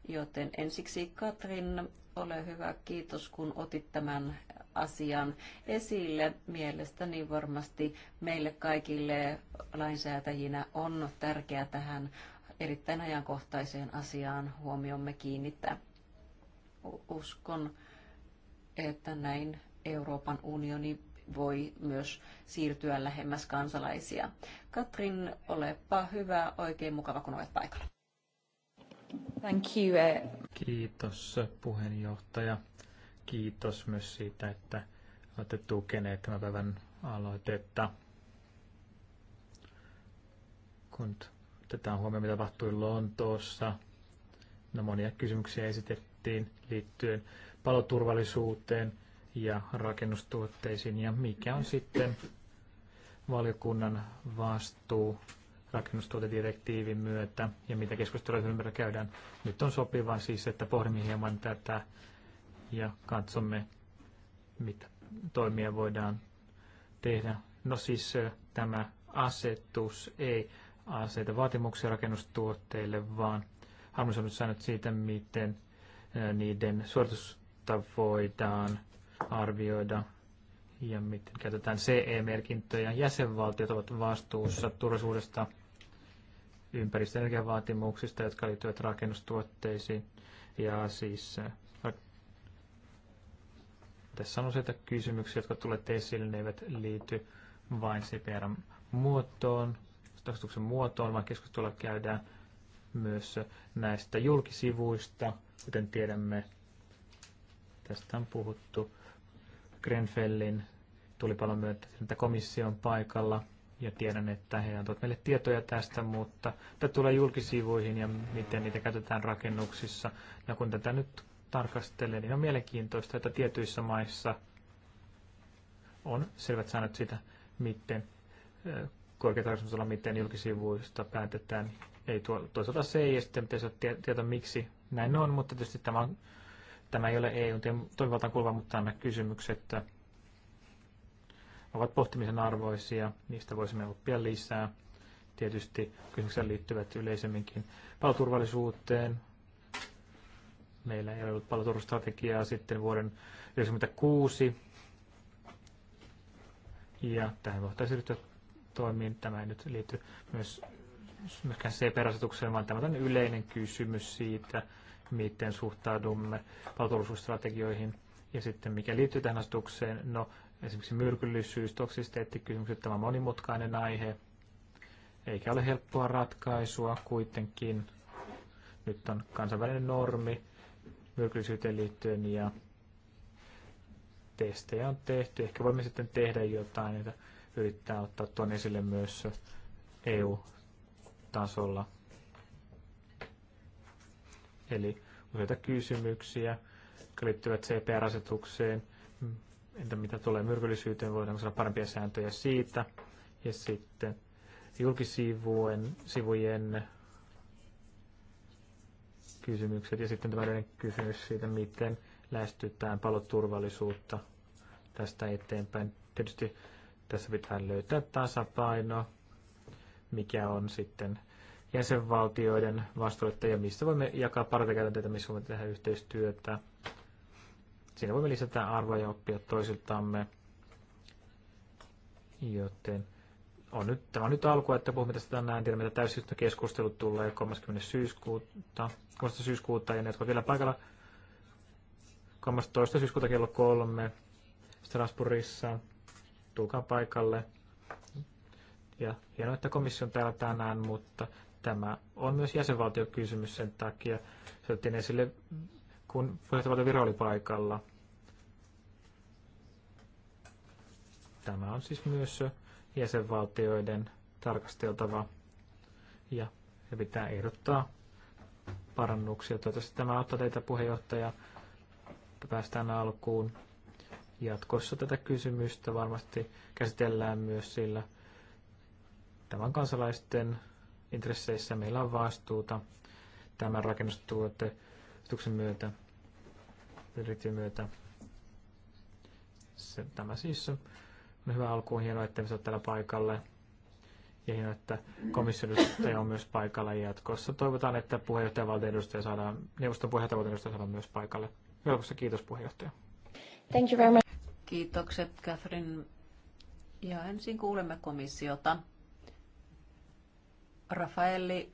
Joten ensiksi Katrin, ole hyvä, kiitos kun otit tämän asian esille. Mielestäni varmasti meille kaikille lainsäätäjinä on tärkeää tähän erittäin ajankohtaiseen asiaan huomiomme kiinnittää. Uskon, että näin Euroopan unioni voi myös siirtyä lähemmäs kansalaisia. Katrin, olepa hyvä, oikein mukava kun olet paikalla. Thank you. Eh. Kiitos puheenjohtaja. Kiitos myös siitä, että olette tukeneet tämän päivän aloitetta. Kun otetaan huomioon, mitä tapahtui Lontoossa, no monia kysymyksiä esitettiin liittyen paloturvallisuuteen ja rakennustuotteisiin ja mikä on sitten valiokunnan vastuu rakennustuotedirektiivin myötä ja mitä keskustelua ympärillä käydään. Nyt on sopiva siis, että pohdimme hieman tätä ja katsomme, mitä toimia voidaan tehdä. No siis tämä asetus ei aseta vaatimuksia rakennustuotteille, vaan harmonisoidut säännöt siitä, miten niiden suoritusta voidaan arvioida ja miten käytetään CE-merkintöjä. Jäsenvaltiot ovat vastuussa turvallisuudesta ympäristöenergiavaatimuksista, jotka liittyvät rakennustuotteisiin. Ja siis äh, tässä on useita kysymyksiä, jotka tulevat esille, ne eivät liity vain CPRn muotoon tarkastuksen muotoon, vaan keskustelua käydään myös näistä julkisivuista, kuten tiedämme. Tästä on puhuttu Grenfellin tulipalon myötä, että komissio on paikalla – ja tiedän, että he antavat meille tietoja tästä, mutta tämä tulee julkisivuihin ja miten niitä käytetään rakennuksissa. Ja kun tätä nyt tarkastelee, niin on mielenkiintoista, että tietyissä maissa on selvät säännöt siitä, miten korkeatarkastuksella, miten julkisivuista päätetään. Ei tuo, toisaalta se ei, sitten pitäisi tietää, miksi näin on, mutta tietysti tämä, on, tämä ei ole EU-toimivaltaan kuuluva, mutta nämä kysymykset ovat pohtimisen arvoisia. Niistä voisimme oppia lisää. Tietysti kysymykseen liittyvät yleisemminkin paloturvallisuuteen. Meillä ei ollut paloturvallisuusstrategiaa sitten vuoden 1996. Ja tähän voitaisiin ryhtyä toimiin. Tämä ei nyt liity myös myöskään CPR-asetukseen, vaan tämä on yleinen kysymys siitä, miten suhtaudumme paloturvallisuusstrategioihin. Ja sitten mikä liittyy tähän asetukseen, no Esimerkiksi myrkyllisyys, toksisteettikysymykset, tämä monimutkainen aihe, eikä ole helppoa ratkaisua kuitenkin. Nyt on kansainvälinen normi myrkyllisyyteen liittyen ja testejä on tehty. Ehkä voimme sitten tehdä jotain, että yrittää ottaa tuon esille myös EU-tasolla. Eli useita kysymyksiä, jotka liittyvät CPR-asetukseen, entä mitä tulee myrkyllisyyteen, voidaanko saada parempia sääntöjä siitä. Ja sitten julkisivujen sivujen kysymykset ja sitten tämä kysymys siitä, miten lähestytään paloturvallisuutta tästä eteenpäin. Tietysti tässä pitää löytää tasapaino, mikä on sitten jäsenvaltioiden vastuulletta ja missä voimme jakaa parhaita käytänteitä, missä voimme tehdä yhteistyötä. Siinä voimme lisätä arvoja ja oppia toisiltamme. Joten on nyt, tämä on nyt alku, että puhumme tästä tänään. En tiedä, mitä keskustelut tulee 30. syyskuuta, 30. syyskuuta ja ne, jotka vielä paikalla 13. syyskuuta kello kolme Strasbourgissa. Tulkaa paikalle. Ja hienoa, että komissio on täällä tänään, mutta tämä on myös jäsenvaltiokysymys sen takia. Se otettiin esille, kun puheenjohtajavaltio Viro oli paikalla. Tämä on siis myös jäsenvaltioiden tarkasteltava ja he pitää ehdottaa parannuksia. Toivottavasti tämä auttaa teitä puheenjohtaja. Päästään alkuun. Jatkossa tätä kysymystä varmasti käsitellään myös sillä tämän kansalaisten intresseissä meillä on vastuuta tämän rakennustuotteistuksen myötä, myötä. Se, tämä siis No hyvä alku on hienoa, että olet täällä paikalle. Ja hienoa, että komissiodustaja on myös paikalla jatkossa. Toivotaan, että puheenjohtajavaltion edustaja saadaan, neuvoston puheenjohtajavaltion edustaja saadaan myös paikalle. Jatkossa kiitos puheenjohtaja. Thank you very much. Kiitokset Catherine. Ja ensin kuulemme komissiota. Rafaeli,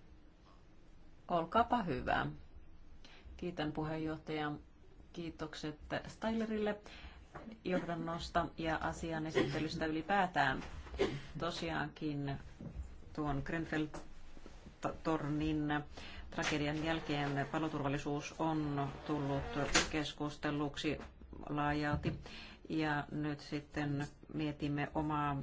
olkaapa hyvä. Kiitän puheenjohtajan. Kiitokset Stylerille johdannosta ja asian esittelystä ylipäätään. Tosiaankin tuon Grenfell-tornin tragedian jälkeen paloturvallisuus on tullut keskustelluksi laajalti. Ja nyt sitten mietimme omaa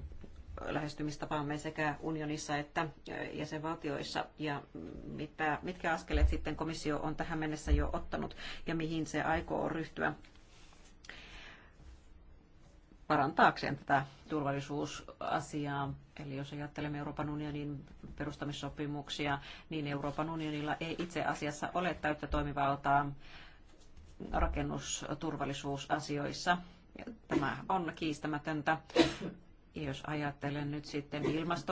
lähestymistapaamme sekä unionissa että jäsenvaltioissa ja mitä, mitkä askeleet sitten komissio on tähän mennessä jo ottanut ja mihin se aikoo ryhtyä parantaakseen tätä turvallisuusasiaa. Eli jos ajattelemme Euroopan unionin perustamissopimuksia, niin Euroopan unionilla ei itse asiassa ole täyttä toimivaltaa rakennusturvallisuusasioissa. Tämä on kiistämätöntä. Ja jos ajattelen nyt sitten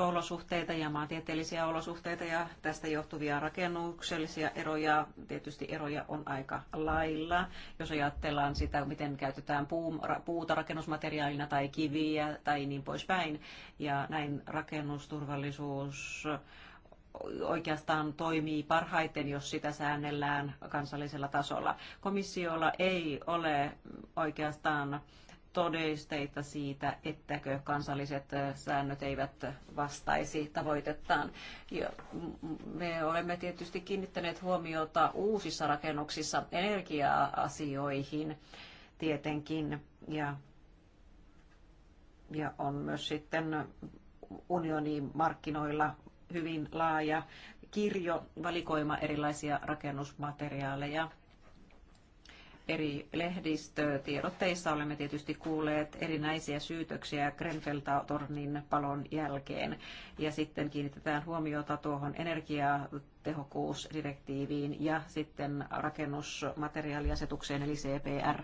olosuhteita ja maantieteellisiä olosuhteita ja tästä johtuvia rakennuksellisia eroja, tietysti eroja on aika lailla. Jos ajatellaan sitä, miten käytetään puuta rakennusmateriaalina tai kiviä tai niin poispäin, ja näin rakennusturvallisuus oikeastaan toimii parhaiten, jos sitä säännellään kansallisella tasolla. Komissiolla ei ole oikeastaan todisteita siitä, ettäkö kansalliset säännöt eivät vastaisi tavoitettaan. Ja me olemme tietysti kiinnittäneet huomiota uusissa rakennuksissa energia-asioihin tietenkin ja, ja on myös sitten unionin markkinoilla hyvin laaja kirjo, valikoima erilaisia rakennusmateriaaleja eri lehdistötiedotteissa olemme tietysti kuulleet erinäisiä syytöksiä Grenfell-tornin palon jälkeen. Ja sitten kiinnitetään huomiota tuohon energiatehokkuusdirektiiviin ja sitten rakennusmateriaaliasetukseen eli CPR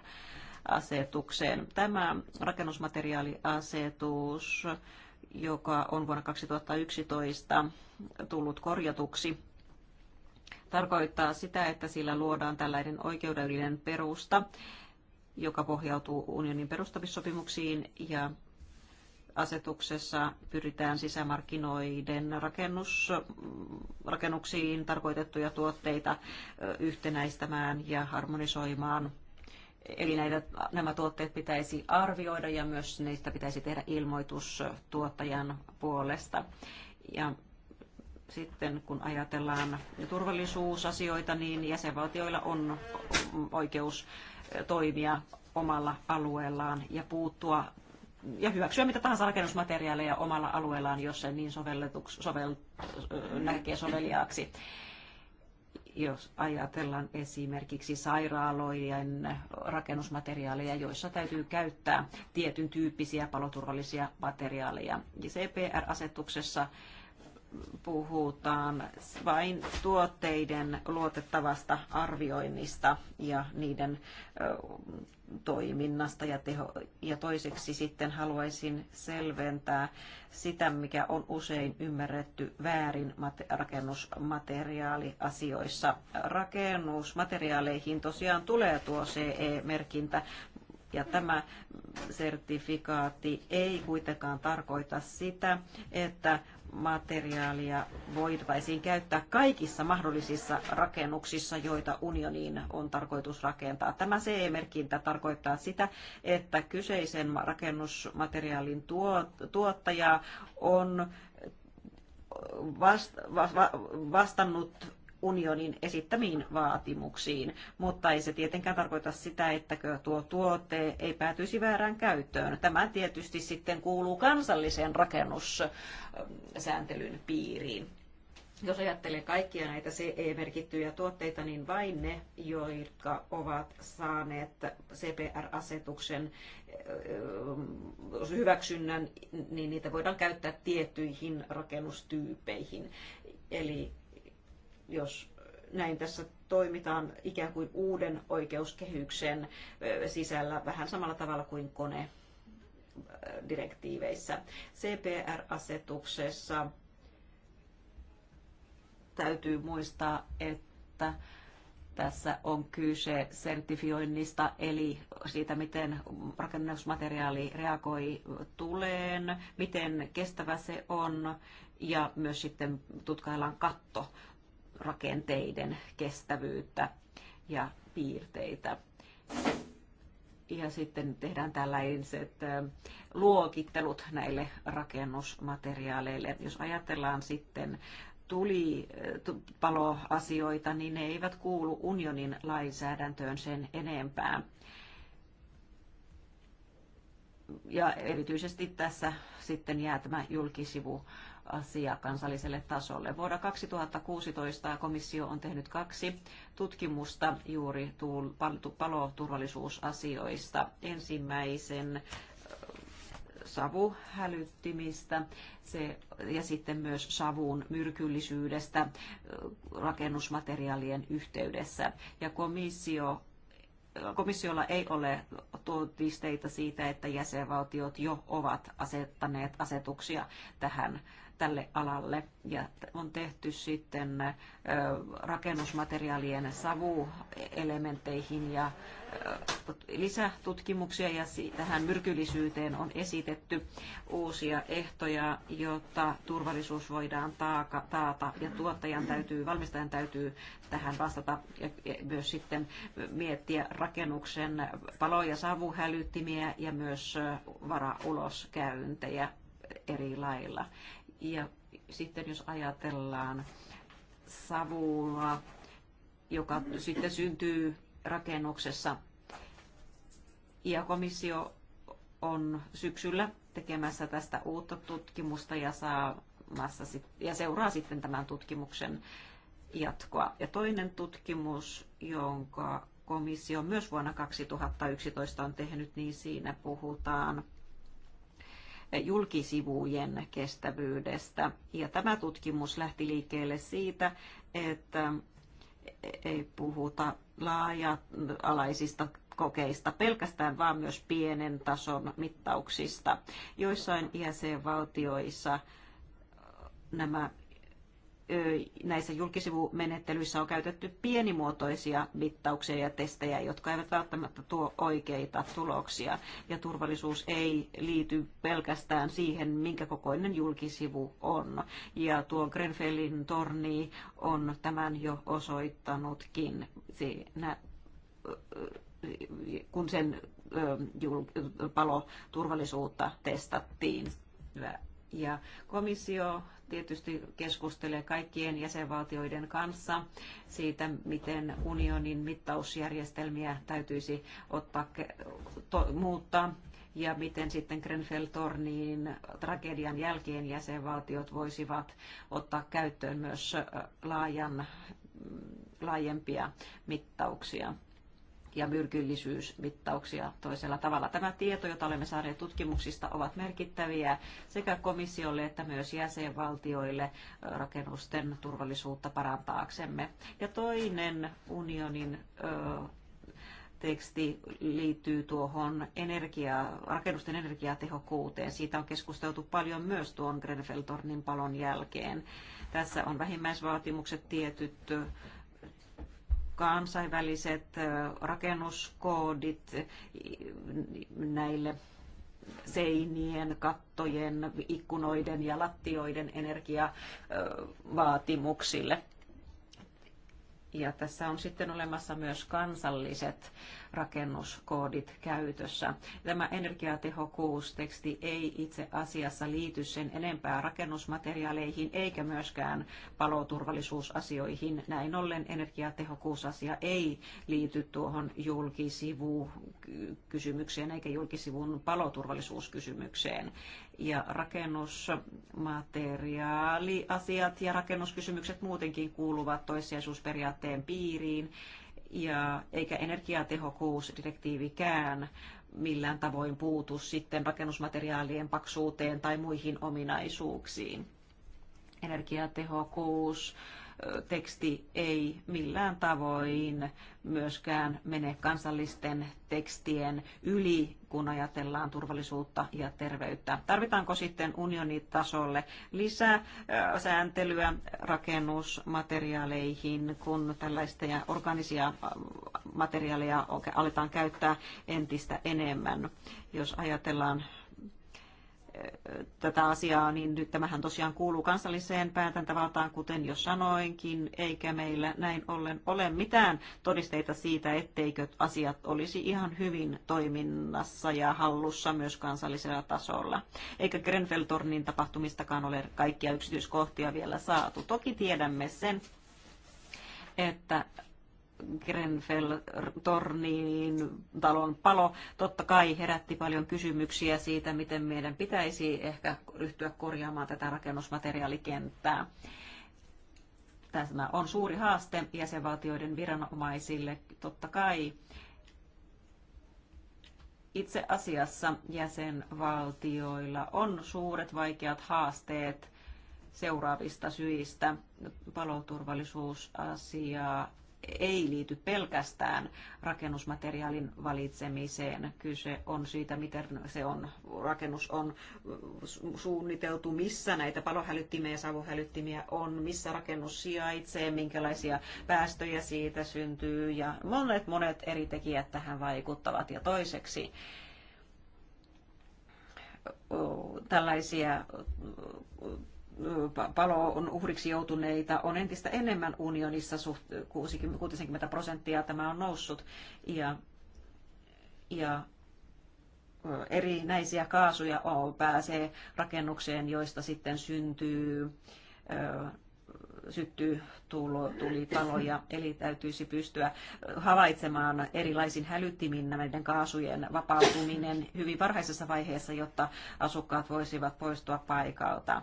asetukseen. Tämä rakennusmateriaaliasetus joka on vuonna 2011 tullut korjatuksi tarkoittaa sitä, että sillä luodaan tällainen oikeudellinen perusta, joka pohjautuu unionin perustamissopimuksiin ja asetuksessa pyritään sisämarkkinoiden rakennus, rakennuksiin tarkoitettuja tuotteita yhtenäistämään ja harmonisoimaan. Eli näitä, nämä tuotteet pitäisi arvioida ja myös niistä pitäisi tehdä ilmoitus tuottajan puolesta. Ja sitten kun ajatellaan turvallisuusasioita, niin jäsenvaltioilla on oikeus eh, toimia omalla alueellaan ja puuttua ja hyväksyä mitä tahansa rakennusmateriaaleja omalla alueellaan, jos se niin sovelletuks, sovel, eh, näkee soveliaaksi. Jos ajatellaan esimerkiksi sairaaloiden rakennusmateriaaleja, joissa täytyy käyttää tietyn tyyppisiä paloturvallisia materiaaleja. Niin CPR-asetuksessa puhutaan vain tuotteiden luotettavasta arvioinnista ja niiden toiminnasta ja, teho, ja toiseksi sitten haluaisin selventää sitä, mikä on usein ymmärretty väärin rakennusmateriaaliasioissa. Rakennusmateriaaleihin tosiaan tulee tuo CE-merkintä, ja tämä sertifikaatti ei kuitenkaan tarkoita sitä, että materiaalia voitaisiin käyttää kaikissa mahdollisissa rakennuksissa, joita unioniin on tarkoitus rakentaa. Tämä CE-merkintä tarkoittaa sitä, että kyseisen rakennusmateriaalin tuottaja on vastannut unionin esittämiin vaatimuksiin, mutta ei se tietenkään tarkoita sitä, että tuo tuote ei päätyisi väärään käyttöön. Tämä tietysti sitten kuuluu kansalliseen rakennussääntelyn piiriin. Jos ajattelee kaikkia näitä CE-merkittyjä tuotteita, niin vain ne, jotka ovat saaneet CPR-asetuksen hyväksynnän, niin niitä voidaan käyttää tiettyihin rakennustyypeihin. Eli jos näin tässä toimitaan ikään kuin uuden oikeuskehyksen sisällä vähän samalla tavalla kuin kone direktiiveissä. CPR-asetuksessa täytyy muistaa, että tässä on kyse sertifioinnista, eli siitä, miten rakennusmateriaali reagoi tuleen, miten kestävä se on, ja myös sitten tutkaillaan katto rakenteiden kestävyyttä ja piirteitä. Ja sitten tehdään tällaiset luokittelut näille rakennusmateriaaleille. Jos ajatellaan sitten tulipaloasioita, niin ne eivät kuulu unionin lainsäädäntöön sen enempää. Ja erityisesti tässä sitten jää tämä julkisivu asia kansalliselle tasolle. Vuonna 2016 komissio on tehnyt kaksi tutkimusta juuri paloturvallisuusasioista. Ensimmäisen savuhälyttimistä se, ja sitten myös savun myrkyllisyydestä rakennusmateriaalien yhteydessä. Ja komissio komissiolla ei ole todisteita siitä, että jäsenvaltiot jo ovat asettaneet asetuksia tähän tälle alalle. Ja on tehty sitten rakennusmateriaalien savuelementteihin ja lisätutkimuksia ja tähän myrkyllisyyteen on esitetty uusia ehtoja, jotta turvallisuus voidaan taaka, taata ja tuottajan täytyy, valmistajan täytyy tähän vastata ja myös sitten miettiä rakennuksen palo- ja savuhälyttimiä ja myös varauloskäyntejä eri lailla. Ja sitten jos ajatellaan savua, joka sitten syntyy rakennuksessa. Ja komissio on syksyllä tekemässä tästä uutta tutkimusta ja, saamassa sit, ja seuraa sitten tämän tutkimuksen jatkoa. Ja toinen tutkimus, jonka komissio myös vuonna 2011 on tehnyt, niin siinä puhutaan julkisivujen kestävyydestä. Ja tämä tutkimus lähti liikkeelle siitä, että ei puhuta laaja-alaisista kokeista pelkästään, vaan myös pienen tason mittauksista. Joissain jäsenvaltioissa nämä näissä julkisivumenettelyissä on käytetty pienimuotoisia mittauksia ja testejä, jotka eivät välttämättä tuo oikeita tuloksia. Ja turvallisuus ei liity pelkästään siihen, minkä kokoinen julkisivu on. Ja tuo Grenfellin torni on tämän jo osoittanutkin siinä, kun sen paloturvallisuutta testattiin ja komissio tietysti keskustelee kaikkien jäsenvaltioiden kanssa siitä, miten unionin mittausjärjestelmiä täytyisi ottaa, to, muuttaa ja miten sitten grenfell tornin tragedian jälkeen jäsenvaltiot voisivat ottaa käyttöön myös laajan, mm, laajempia mittauksia ja myrkyllisyysmittauksia toisella tavalla. Tämä tieto, jota olemme saaneet tutkimuksista, ovat merkittäviä sekä komissiolle että myös jäsenvaltioille rakennusten turvallisuutta parantaaksemme. Ja toinen unionin ö, teksti liittyy tuohon energia, rakennusten energiatehokkuuteen. Siitä on keskusteltu paljon myös tuon Grenfell-tornin palon jälkeen. Tässä on vähimmäisvaatimukset tietyt kansainväliset rakennuskoodit näille seinien, kattojen, ikkunoiden ja lattioiden energiavaatimuksille. Ja tässä on sitten olemassa myös kansalliset rakennuskoodit käytössä. Tämä energiatehokkuusteksti ei itse asiassa liity sen enempää rakennusmateriaaleihin eikä myöskään paloturvallisuusasioihin. Näin ollen energiatehokkuusasia ei liity tuohon julkisivukysymykseen eikä julkisivun paloturvallisuuskysymykseen ja rakennusmateriaaliasiat ja rakennuskysymykset muutenkin kuuluvat toissijaisuusperiaatteen piiriin, ja eikä energiatehokkuusdirektiivikään millään tavoin puutu sitten rakennusmateriaalien paksuuteen tai muihin ominaisuuksiin. Energiatehokkuus teksti ei millään tavoin myöskään mene kansallisten tekstien yli, kun ajatellaan turvallisuutta ja terveyttä. Tarvitaanko sitten unionitasolle lisää äh, sääntelyä rakennusmateriaaleihin, kun tällaista ja organisia äh, materiaaleja aletaan käyttää entistä enemmän? Jos ajatellaan tätä asiaa, niin nyt tämähän tosiaan kuuluu kansalliseen päätäntävaltaan, kuten jo sanoinkin, eikä meillä näin ollen ole mitään todisteita siitä, etteikö asiat olisi ihan hyvin toiminnassa ja hallussa myös kansallisella tasolla. Eikä Grenfell-tornin tapahtumistakaan ole kaikkia yksityiskohtia vielä saatu. Toki tiedämme sen, että Grenfell-torniin talon palo totta kai herätti paljon kysymyksiä siitä, miten meidän pitäisi ehkä ryhtyä korjaamaan tätä rakennusmateriaalikenttää. Tämä on suuri haaste jäsenvaltioiden viranomaisille totta kai. Itse asiassa jäsenvaltioilla on suuret vaikeat haasteet seuraavista syistä. Paloturvallisuusasiaa ei liity pelkästään rakennusmateriaalin valitsemiseen. Kyse on siitä, miten se on, rakennus on suunniteltu, missä näitä palohälyttimiä ja savuhälyttimiä on, missä rakennus sijaitsee, minkälaisia päästöjä siitä syntyy ja monet monet eri tekijät tähän vaikuttavat. Ja toiseksi tällaisia palo on uhriksi joutuneita on entistä enemmän unionissa, suht, 60 prosenttia tämä on noussut. Ja, ja erinäisiä kaasuja pääsee rakennukseen, joista sitten syntyy syttyy tulo, paloja, eli täytyisi pystyä havaitsemaan erilaisin hälyttimin näiden kaasujen vapautuminen hyvin varhaisessa vaiheessa, jotta asukkaat voisivat poistua paikalta.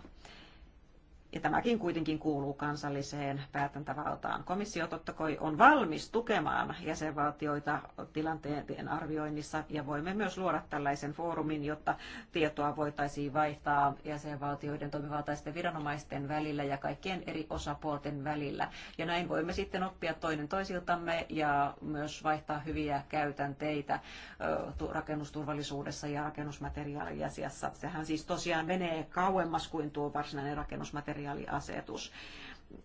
Ja tämäkin kuitenkin kuuluu kansalliseen päätäntävaltaan. Komissio totta kai on valmis tukemaan jäsenvaltioita tilanteen arvioinnissa ja voimme myös luoda tällaisen foorumin, jotta tietoa voitaisiin vaihtaa jäsenvaltioiden toimivaltaisten viranomaisten välillä ja kaikkien eri osapuolten välillä. Ja näin voimme sitten oppia toinen toisiltamme ja myös vaihtaa hyviä käytänteitä rakennusturvallisuudessa ja rakennusmateriaaliasiassa. Sehän siis tosiaan menee kauemmas kuin tuo varsinainen rakennusmateriaali materiaaliasetus.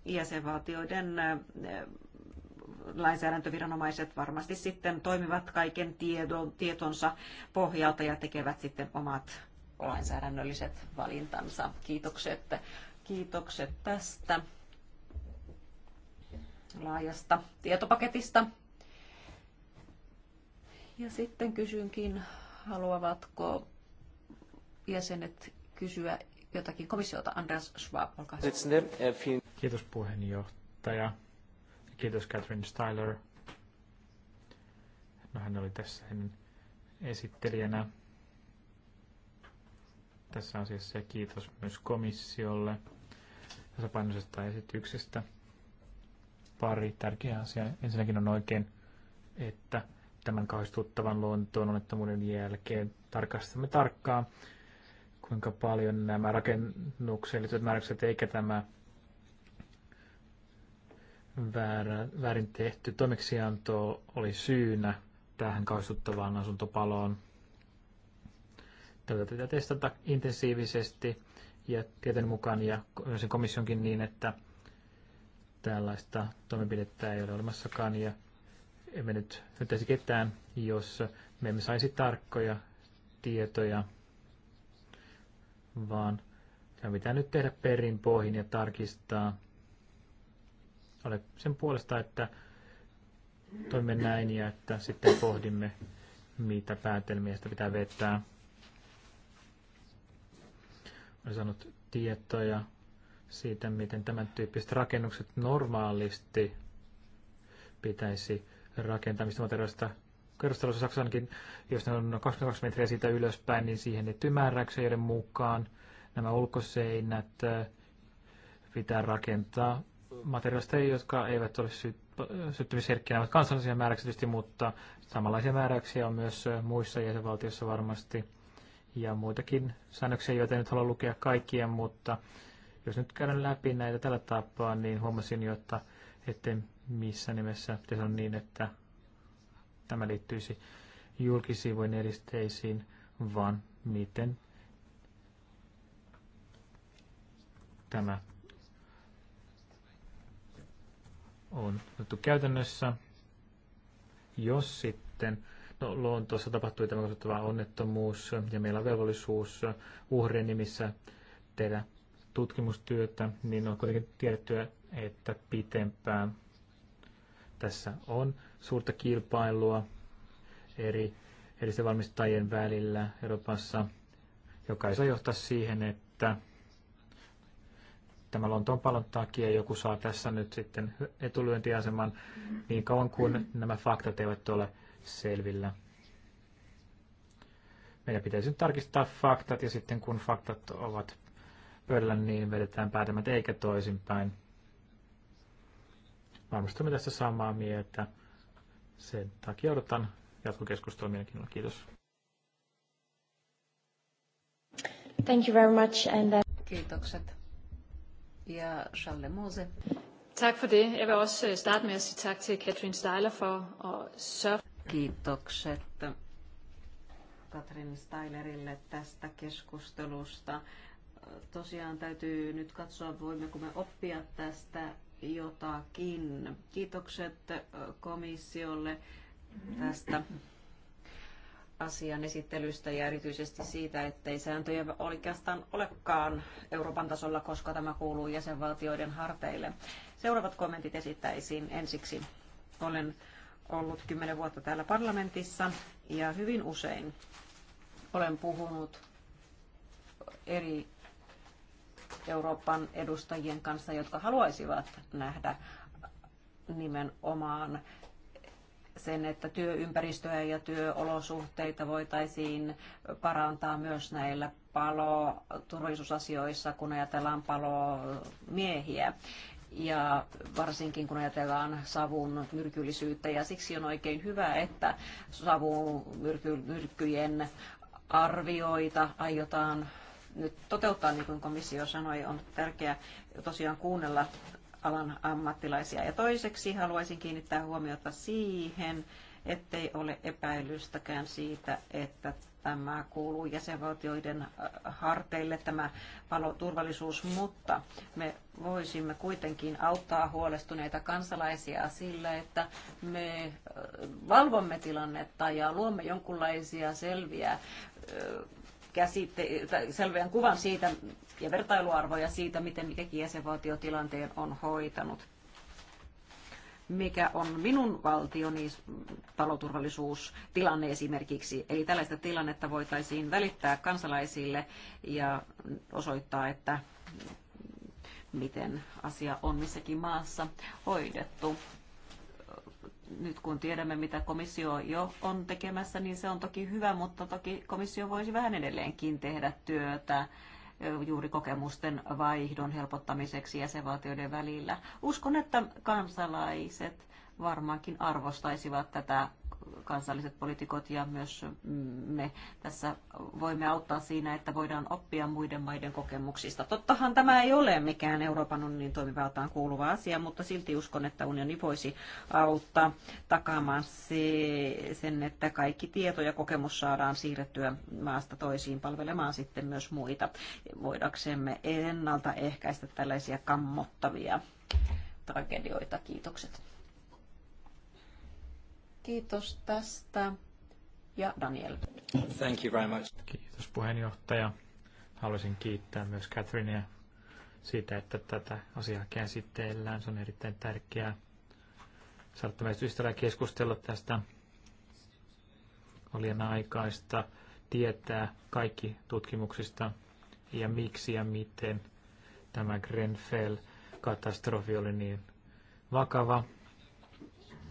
Jäsenvaltioiden äh, lainsäädäntöviranomaiset varmasti sitten toimivat kaiken tietonsa pohjalta ja tekevät sitten omat lainsäädännölliset valintansa. Kiitokset, kiitokset tästä laajasta tietopaketista. Ja sitten kysynkin, haluavatko jäsenet kysyä jotakin komissiota. Andreas Schwab, olkaa eh, Kiitos puheenjohtaja. Kiitos Catherine Styler. No hän oli tässä ennen esittelijänä tässä asiassa ja kiitos myös komissiolle tasapainoisesta esityksestä. Pari tärkeää asiaa. Ensinnäkin on oikein, että tämän kauhistuttavan luontoon onnettomuuden jälkeen tarkastamme tarkkaan kuinka paljon nämä rakennukselliset määräykset eikä tämä väärä, väärin tehty toimeksianto oli syynä tähän kaistuttavaan asuntopaloon. Tätä pitää testata intensiivisesti ja tieten mukaan ja sen komissionkin niin, että tällaista toimenpidettä ei ole olemassakaan ja emme nyt hyttäisi ketään, jos me emme saisi tarkkoja tietoja vaan tämä pitää nyt tehdä perin pohjin ja tarkistaa. Ole, sen puolesta, että toimme näin ja että sitten pohdimme, mitä päätelmiä sitä pitää vetää. Olen saanut tietoja siitä, miten tämän tyyppiset rakennukset normaalisti pitäisi rakentamista materiaalista kerrostalossa Saksankin, jos ne on 22 metriä siitä ylöspäin, niin siihen liittyy määräyksiä, joiden mukaan nämä ulkoseinät äh, pitää rakentaa materiaalista, jotka eivät ole syt, syttymisherkkiä, nämä kansallisia määräyksiä mutta samanlaisia määräyksiä on myös äh, muissa jäsenvaltioissa varmasti ja muitakin säännöksiä, joita en nyt halua lukea kaikkia, mutta jos nyt käydään läpi näitä tällä tapaa, niin huomasin jo, että ettei missä nimessä pitäisi on niin, että tämä liittyisi julkisivujen eristeisiin, vaan miten tämä on otettu käytännössä. Jos sitten no, luontossa tapahtui tämä kasvattava onnettomuus ja meillä on velvollisuus uhrien nimissä tehdä tutkimustyötä, niin on kuitenkin tiedettyä, että pitempään tässä on suurta kilpailua eri eri valmistajien välillä Euroopassa, joka ei saa johtaa siihen, että tämä Lontoon palon takia joku saa tässä nyt sitten etulyöntiaseman niin kauan kuin nämä faktat eivät ole selvillä. Meidän pitäisi nyt tarkistaa faktat ja sitten kun faktat ovat pöydällä, niin vedetään päätämät eikä toisinpäin. Varmasti olemme tässä samaa mieltä. Sen takia odotan jatkokeskustelua mielenkiinnolla. Kiitos. Thank you very much. And then... Uh, Kiitokset. Ja Charles Mose. Tak for det. Jeg vil også øh, starte med at sige tak til Katrin Steiler for at sørge. Kiitokset Katrin Steilerille tästä keskustelusta. Tosiaan täytyy nyt katsoa, voimmeko me oppia tästä jotakin. Kiitokset komissiolle tästä asian esittelystä ja erityisesti siitä, ettei sääntöjä oikeastaan olekaan Euroopan tasolla, koska tämä kuuluu jäsenvaltioiden harteille. Seuraavat kommentit esittäisin ensiksi. Olen ollut kymmenen vuotta täällä parlamentissa ja hyvin usein olen puhunut eri Euroopan edustajien kanssa, jotka haluaisivat nähdä nimenomaan sen, että työympäristöä ja työolosuhteita voitaisiin parantaa myös näillä paloturvallisuusasioissa, kun ajatellaan palomiehiä ja varsinkin kun ajatellaan savun myrkyllisyyttä. Ja siksi on oikein hyvä, että savumyrkkyjen arvioita aiotaan nyt toteuttaa, niin kuin komissio sanoi, on tärkeää tosiaan kuunnella alan ammattilaisia. Ja toiseksi haluaisin kiinnittää huomiota siihen, ettei ole epäilystäkään siitä, että tämä kuuluu jäsenvaltioiden harteille tämä paloturvallisuus, mutta me voisimme kuitenkin auttaa huolestuneita kansalaisia sillä, että me äh, valvomme tilannetta ja luomme jonkunlaisia selviä äh, käsite- selveän kuvan siitä ja vertailuarvoja siitä, miten mikäkin jäsenvaltiotilanteen tilanteen on hoitanut. Mikä on minun valtioni taloturvallisuustilanne esimerkiksi? Eli tällaista tilannetta voitaisiin välittää kansalaisille ja osoittaa, että miten asia on missäkin maassa hoidettu nyt kun tiedämme, mitä komissio jo on tekemässä, niin se on toki hyvä, mutta toki komissio voisi vähän edelleenkin tehdä työtä juuri kokemusten vaihdon helpottamiseksi jäsenvaltioiden välillä. Uskon, että kansalaiset varmaankin arvostaisivat tätä kansalliset poliitikot ja myös me tässä voimme auttaa siinä, että voidaan oppia muiden maiden kokemuksista. Tottahan tämä ei ole mikään Euroopan unionin toimivaltaan kuuluva asia, mutta silti uskon, että unioni voisi auttaa takaamaan se, sen, että kaikki tieto ja kokemus saadaan siirrettyä maasta toisiin palvelemaan sitten myös muita, voidaksemme ennaltaehkäistä tällaisia kammottavia tragedioita. Kiitokset. Kiitos tästä. Ja Daniel. Thank you very much. Kiitos puheenjohtaja. Haluaisin kiittää myös Catherinea siitä, että tätä asiaa käsitellään. Se on erittäin tärkeää Saatte tämä ystävä keskustella tästä. Oli aikaista tietää kaikki tutkimuksista ja miksi ja miten tämä Grenfell-katastrofi oli niin vakava.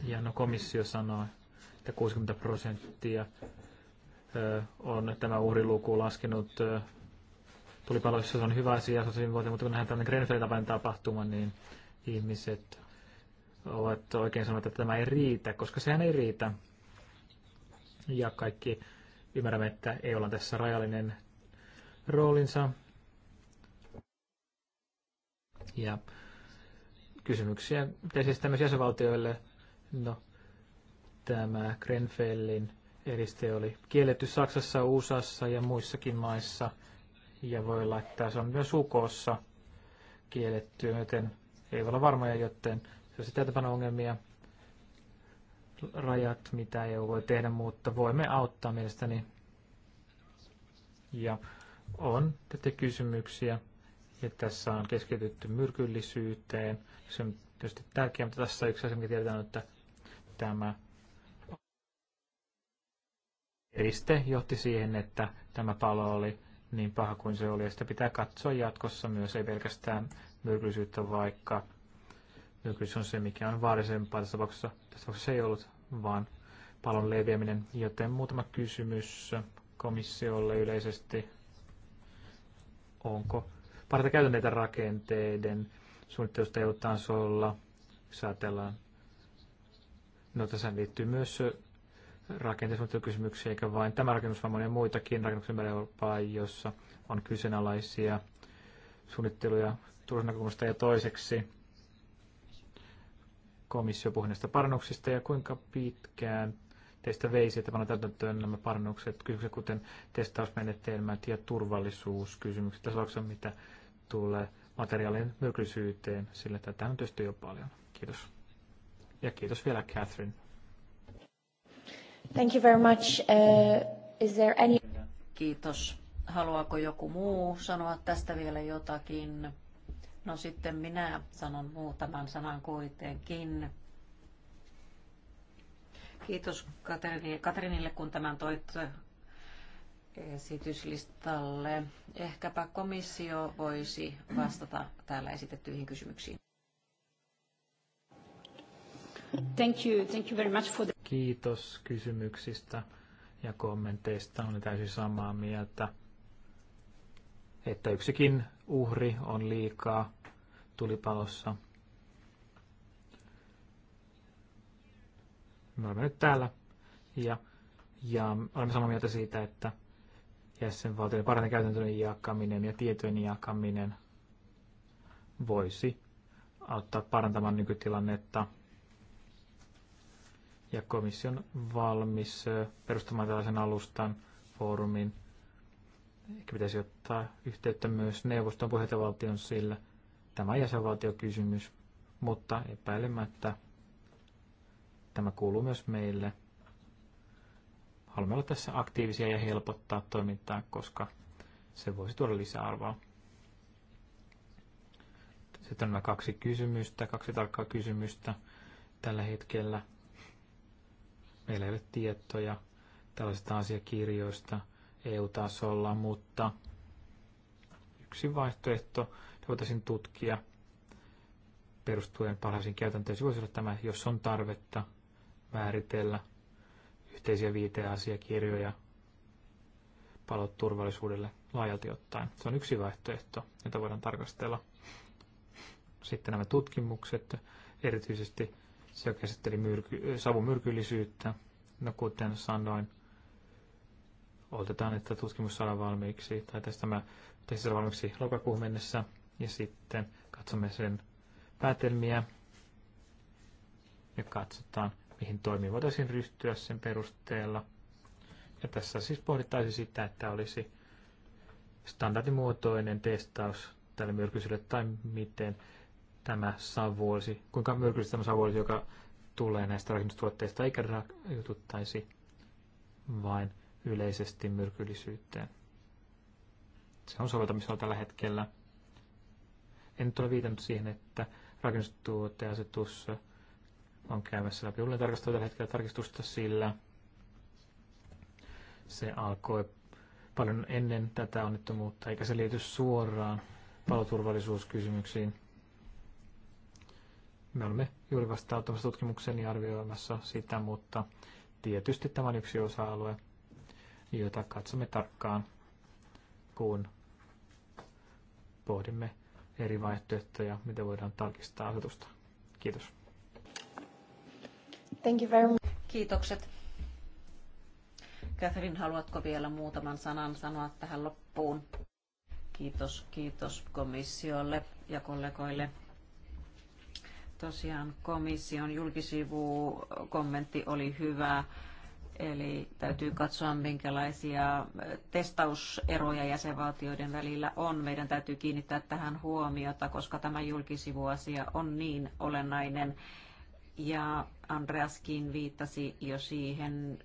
Ja no komissio sanoi, että 60 prosenttia on tämä uhriluku laskenut tulipaloissa. Se on hyvä asia, se on hyvinvointi, mutta kun nähdään tällainen Grenfell-tapainen tapahtuma, niin ihmiset ovat oikein sanoneet, että tämä ei riitä, koska sehän ei riitä. Ja kaikki ymmärrämme, että ei olla tässä rajallinen roolinsa. Ja kysymyksiä pitäisi siis tämmöisiä jäsenvaltioille No, tämä Grenfellin eriste oli kielletty Saksassa, USAssa ja muissakin maissa. Ja voi olla, että se on myös UKssa kielletty, joten ei voi olla varmoja, joten se on sitä ongelmia rajat, mitä EU voi tehdä, mutta voimme auttaa mielestäni. Ja on tätä kysymyksiä, ja tässä on keskitytty myrkyllisyyteen. Se on tietysti tärkeää, mutta tässä yksi asia, mikä tiedetään, että tämä eriste johti siihen, että tämä palo oli niin paha kuin se oli. Ja sitä pitää katsoa jatkossa myös, ei pelkästään myrkyllisyyttä, vaikka myrkyllisyys on se, mikä on vaarallisempaa. Tässä tapauksessa, tässä tapauksessa ei ollut vaan palon leviäminen. Joten muutama kysymys komissiolle yleisesti. Onko parhaita käytäneitä rakenteiden suunnittelusta EU-tasolla, jos ajatellaan No tässä liittyy myös rakenteisuunnittelukysymyksiä, eikä vain tämä rakennus, vaan monia muitakin rakennuksen Eurooppaa, jossa on kyseenalaisia suunnitteluja turvallisuusnäkökulmasta ja toiseksi komissio puhui näistä parannuksista ja kuinka pitkään teistä veisi, että pannaan täytäntöön nämä parannukset, kysymykset kuten testausmenetelmät ja turvallisuuskysymykset, tässä mitä tulee materiaalien myrkyllisyyteen, sillä tätä on tietysti jo paljon. Kiitos. Ja kiitos vielä Catherine. Thank you very much. Uh, is there any... Kiitos. Haluaako joku muu sanoa tästä vielä jotakin? No sitten minä sanon muutaman sanan kuitenkin. Kiitos Katrinille, kun tämän toit esityslistalle. Ehkäpä komissio voisi vastata täällä esitettyihin kysymyksiin. Thank you, thank you very much for the... Kiitos kysymyksistä ja kommenteista. Olen täysin samaa mieltä, että yksikin uhri on liikaa tulipalossa. Me olemme nyt täällä ja, ja olemme samaa mieltä siitä, että jäsenvaltioiden parhaiten käytäntöjen jakaminen ja tietojen jakaminen voisi auttaa parantamaan nykytilannetta ja komission valmis perustamaan tällaisen alustan foorumin. Ehkä pitäisi ottaa yhteyttä myös neuvoston puheenjohtajavaltion sillä. Tämä on jäsenvaltiokysymys, mutta epäilemättä tämä kuuluu myös meille. Haluamme olla tässä aktiivisia ja helpottaa toimintaa, koska se voisi tuoda lisäarvoa. Sitten on nämä kaksi kysymystä, kaksi tarkkaa kysymystä tällä hetkellä – Meillä ei ole tietoja tällaisista asiakirjoista EU-tasolla, mutta yksi vaihtoehto, jota voitaisiin tutkia perustuen parhaisiin käytäntöihin, voisi olla tämä, jos on tarvetta määritellä yhteisiä viiteasiakirjoja paloturvallisuudelle laajalti ottaen. Se on yksi vaihtoehto, jota voidaan tarkastella. Sitten nämä tutkimukset, erityisesti se käsitteli myrky- savumyrkyllisyyttä. myrkyllisyyttä. No kuten sanoin, odotetaan, että tutkimus saadaan valmiiksi, tai tästä mä saadaan valmiiksi lokakuun mennessä, ja sitten katsomme sen päätelmiä, ja katsotaan, mihin toimiin voitaisiin ryhtyä sen perusteella. Ja tässä siis pohdittaisiin sitä, että olisi standardimuotoinen testaus tälle myrkyiselle tai miten tämä savuosi, kuinka myrkyllistä tämä savuosi, joka tulee näistä rakennustuotteista, eikä rajoituttaisi vain yleisesti myrkyllisyyteen. Se on soveltamisella tällä hetkellä. En nyt ole viitannut siihen, että rakennustuoteasetus on käymässä läpi uudelleen tarkastelua tällä hetkellä tarkistusta, sillä se alkoi paljon ennen tätä onnettomuutta, eikä se liity suoraan paloturvallisuuskysymyksiin. Me olemme juuri vastaanottamassa tutkimuksen ja arvioimassa sitä, mutta tietysti tämä on yksi osa-alue, jota katsomme tarkkaan, kun pohdimme eri vaihtoehtoja, miten voidaan tarkistaa asetusta. Kiitos. Thank you very much. Kiitokset. Catherine, haluatko vielä muutaman sanan sanoa tähän loppuun? Kiitos, kiitos komissiolle ja kollegoille Tosiaan komission julkisivukommentti oli hyvä. Eli täytyy katsoa, minkälaisia testauseroja jäsenvaltioiden välillä on. Meidän täytyy kiinnittää tähän huomiota, koska tämä julkisivuasia on niin olennainen. Ja Andreaskin viittasi jo siihen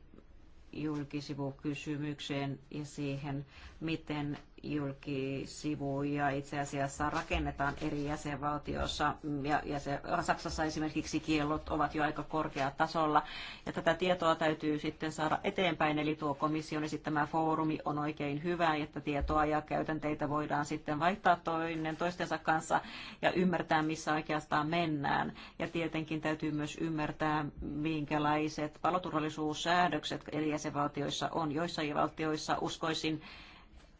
julkisivukysymykseen ja siihen, miten julkisivuja itse asiassa rakennetaan eri jäsenvaltioissa. Ja, ja se, Saksassa esimerkiksi kiellot ovat jo aika korkealla tasolla. Ja tätä tietoa täytyy sitten saada eteenpäin, eli tuo komission esittämä foorumi on oikein hyvä, että tietoa ja käytänteitä voidaan sitten vaihtaa toinen toistensa kanssa ja ymmärtää, missä oikeastaan mennään. Ja tietenkin täytyy myös ymmärtää, minkälaiset paloturvallisuussäädökset eli jäsenvaltioissa on. Joissain valtioissa uskoisin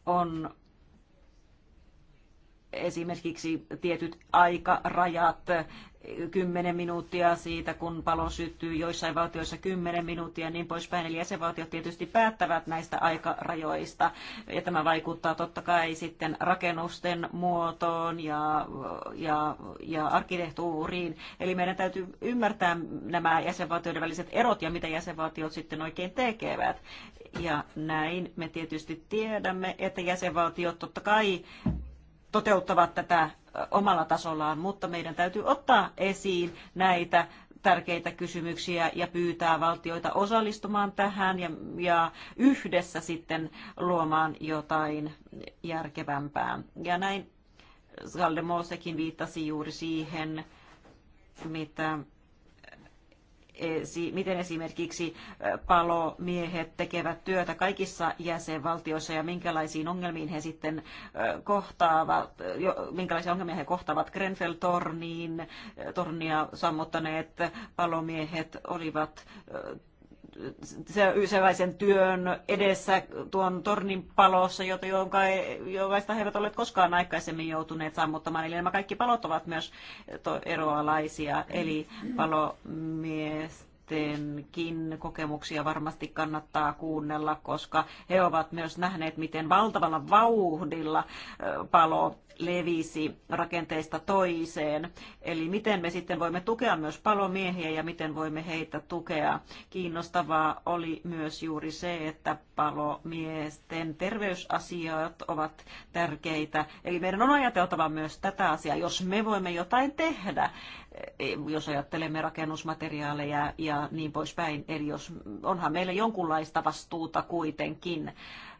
on esimerkiksi tietyt aikarajat, 10 minuuttia siitä, kun palo syttyy, joissain valtioissa 10 minuuttia niin poispäin. Eli jäsenvaltiot tietysti päättävät näistä aikarajoista ja tämä vaikuttaa totta kai sitten rakennusten muotoon ja, ja, ja arkkitehtuuriin. Eli meidän täytyy ymmärtää nämä jäsenvaltioiden väliset erot ja mitä jäsenvaltiot sitten oikein tekevät. Ja näin me tietysti tiedämme, että jäsenvaltiot totta kai toteuttavat tätä omalla tasollaan, mutta meidän täytyy ottaa esiin näitä tärkeitä kysymyksiä ja pyytää valtioita osallistumaan tähän ja, ja yhdessä sitten luomaan jotain järkevämpää. Ja näin Skaldemosekin viittasi juuri siihen, mitä miten esimerkiksi palomiehet tekevät työtä kaikissa jäsenvaltioissa ja minkälaisiin ongelmiin he sitten kohtaavat, minkälaisia ongelmia he kohtaavat. Grenfell-torniin, tornia sammuttaneet palomiehet olivat sellaisen työn edessä tuon tornin palossa, jota, jonka, jonka he eivät ole koskaan aikaisemmin joutuneet sammuttamaan. Eli nämä kaikki palot ovat myös eroalaisia, eli palomies muidenkin kokemuksia varmasti kannattaa kuunnella, koska he ovat myös nähneet, miten valtavalla vauhdilla palo levisi rakenteista toiseen. Eli miten me sitten voimme tukea myös palomiehiä ja miten voimme heitä tukea. Kiinnostavaa oli myös juuri se, että palomiesten terveysasiat ovat tärkeitä. Eli meidän on ajateltava myös tätä asiaa, jos me voimme jotain tehdä, jos ajattelemme rakennusmateriaaleja ja niin poispäin. Eli jos, onhan meillä jonkunlaista vastuuta kuitenkin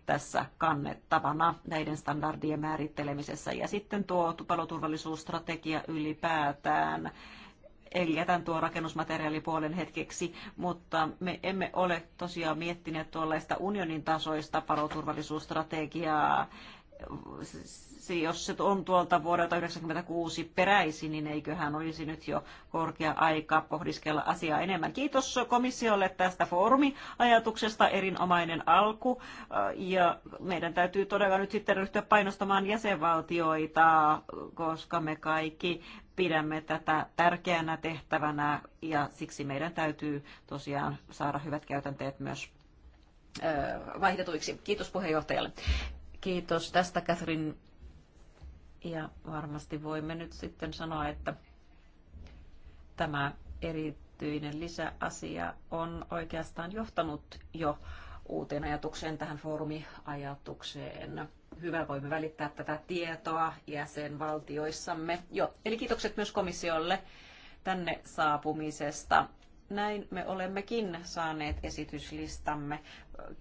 tässä kannettavana näiden standardien määrittelemisessä. Ja sitten tuo paloturvallisuusstrategia ylipäätään eli jätän tuo rakennusmateriaalipuolen hetkeksi, mutta me emme ole tosiaan miettineet tuollaista unionin tasoista paloturvallisuusstrategiaa jos se on tuolta vuodelta 1996 peräisin, niin eiköhän olisi nyt jo korkea aika pohdiskella asiaa enemmän. Kiitos komissiolle tästä foorumiajatuksesta, erinomainen alku. Ja meidän täytyy todella nyt sitten ryhtyä painostamaan jäsenvaltioita, koska me kaikki pidämme tätä tärkeänä tehtävänä ja siksi meidän täytyy tosiaan saada hyvät käytänteet myös vaihdetuiksi. Kiitos puheenjohtajalle. Kiitos tästä, Catherine. Ja varmasti voimme nyt sitten sanoa, että tämä erityinen lisäasia on oikeastaan johtanut jo uuteen ajatukseen, tähän foorumiajatukseen. Hyvä, voimme välittää tätä tietoa jäsenvaltioissamme. Jo. Eli kiitokset myös komissiolle tänne saapumisesta. Näin me olemmekin saaneet esityslistamme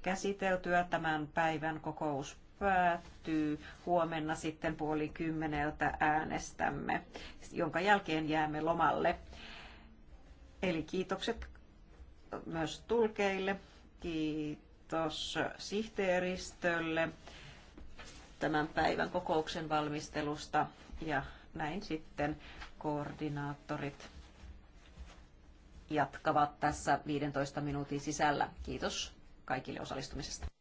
käsiteltyä tämän päivän kokous päättyy. Huomenna sitten puoli kymmeneltä äänestämme, jonka jälkeen jäämme lomalle. Eli kiitokset myös tulkeille. Kiitos sihteeristölle tämän päivän kokouksen valmistelusta ja näin sitten koordinaattorit jatkavat tässä 15 minuutin sisällä. Kiitos kaikille osallistumisesta.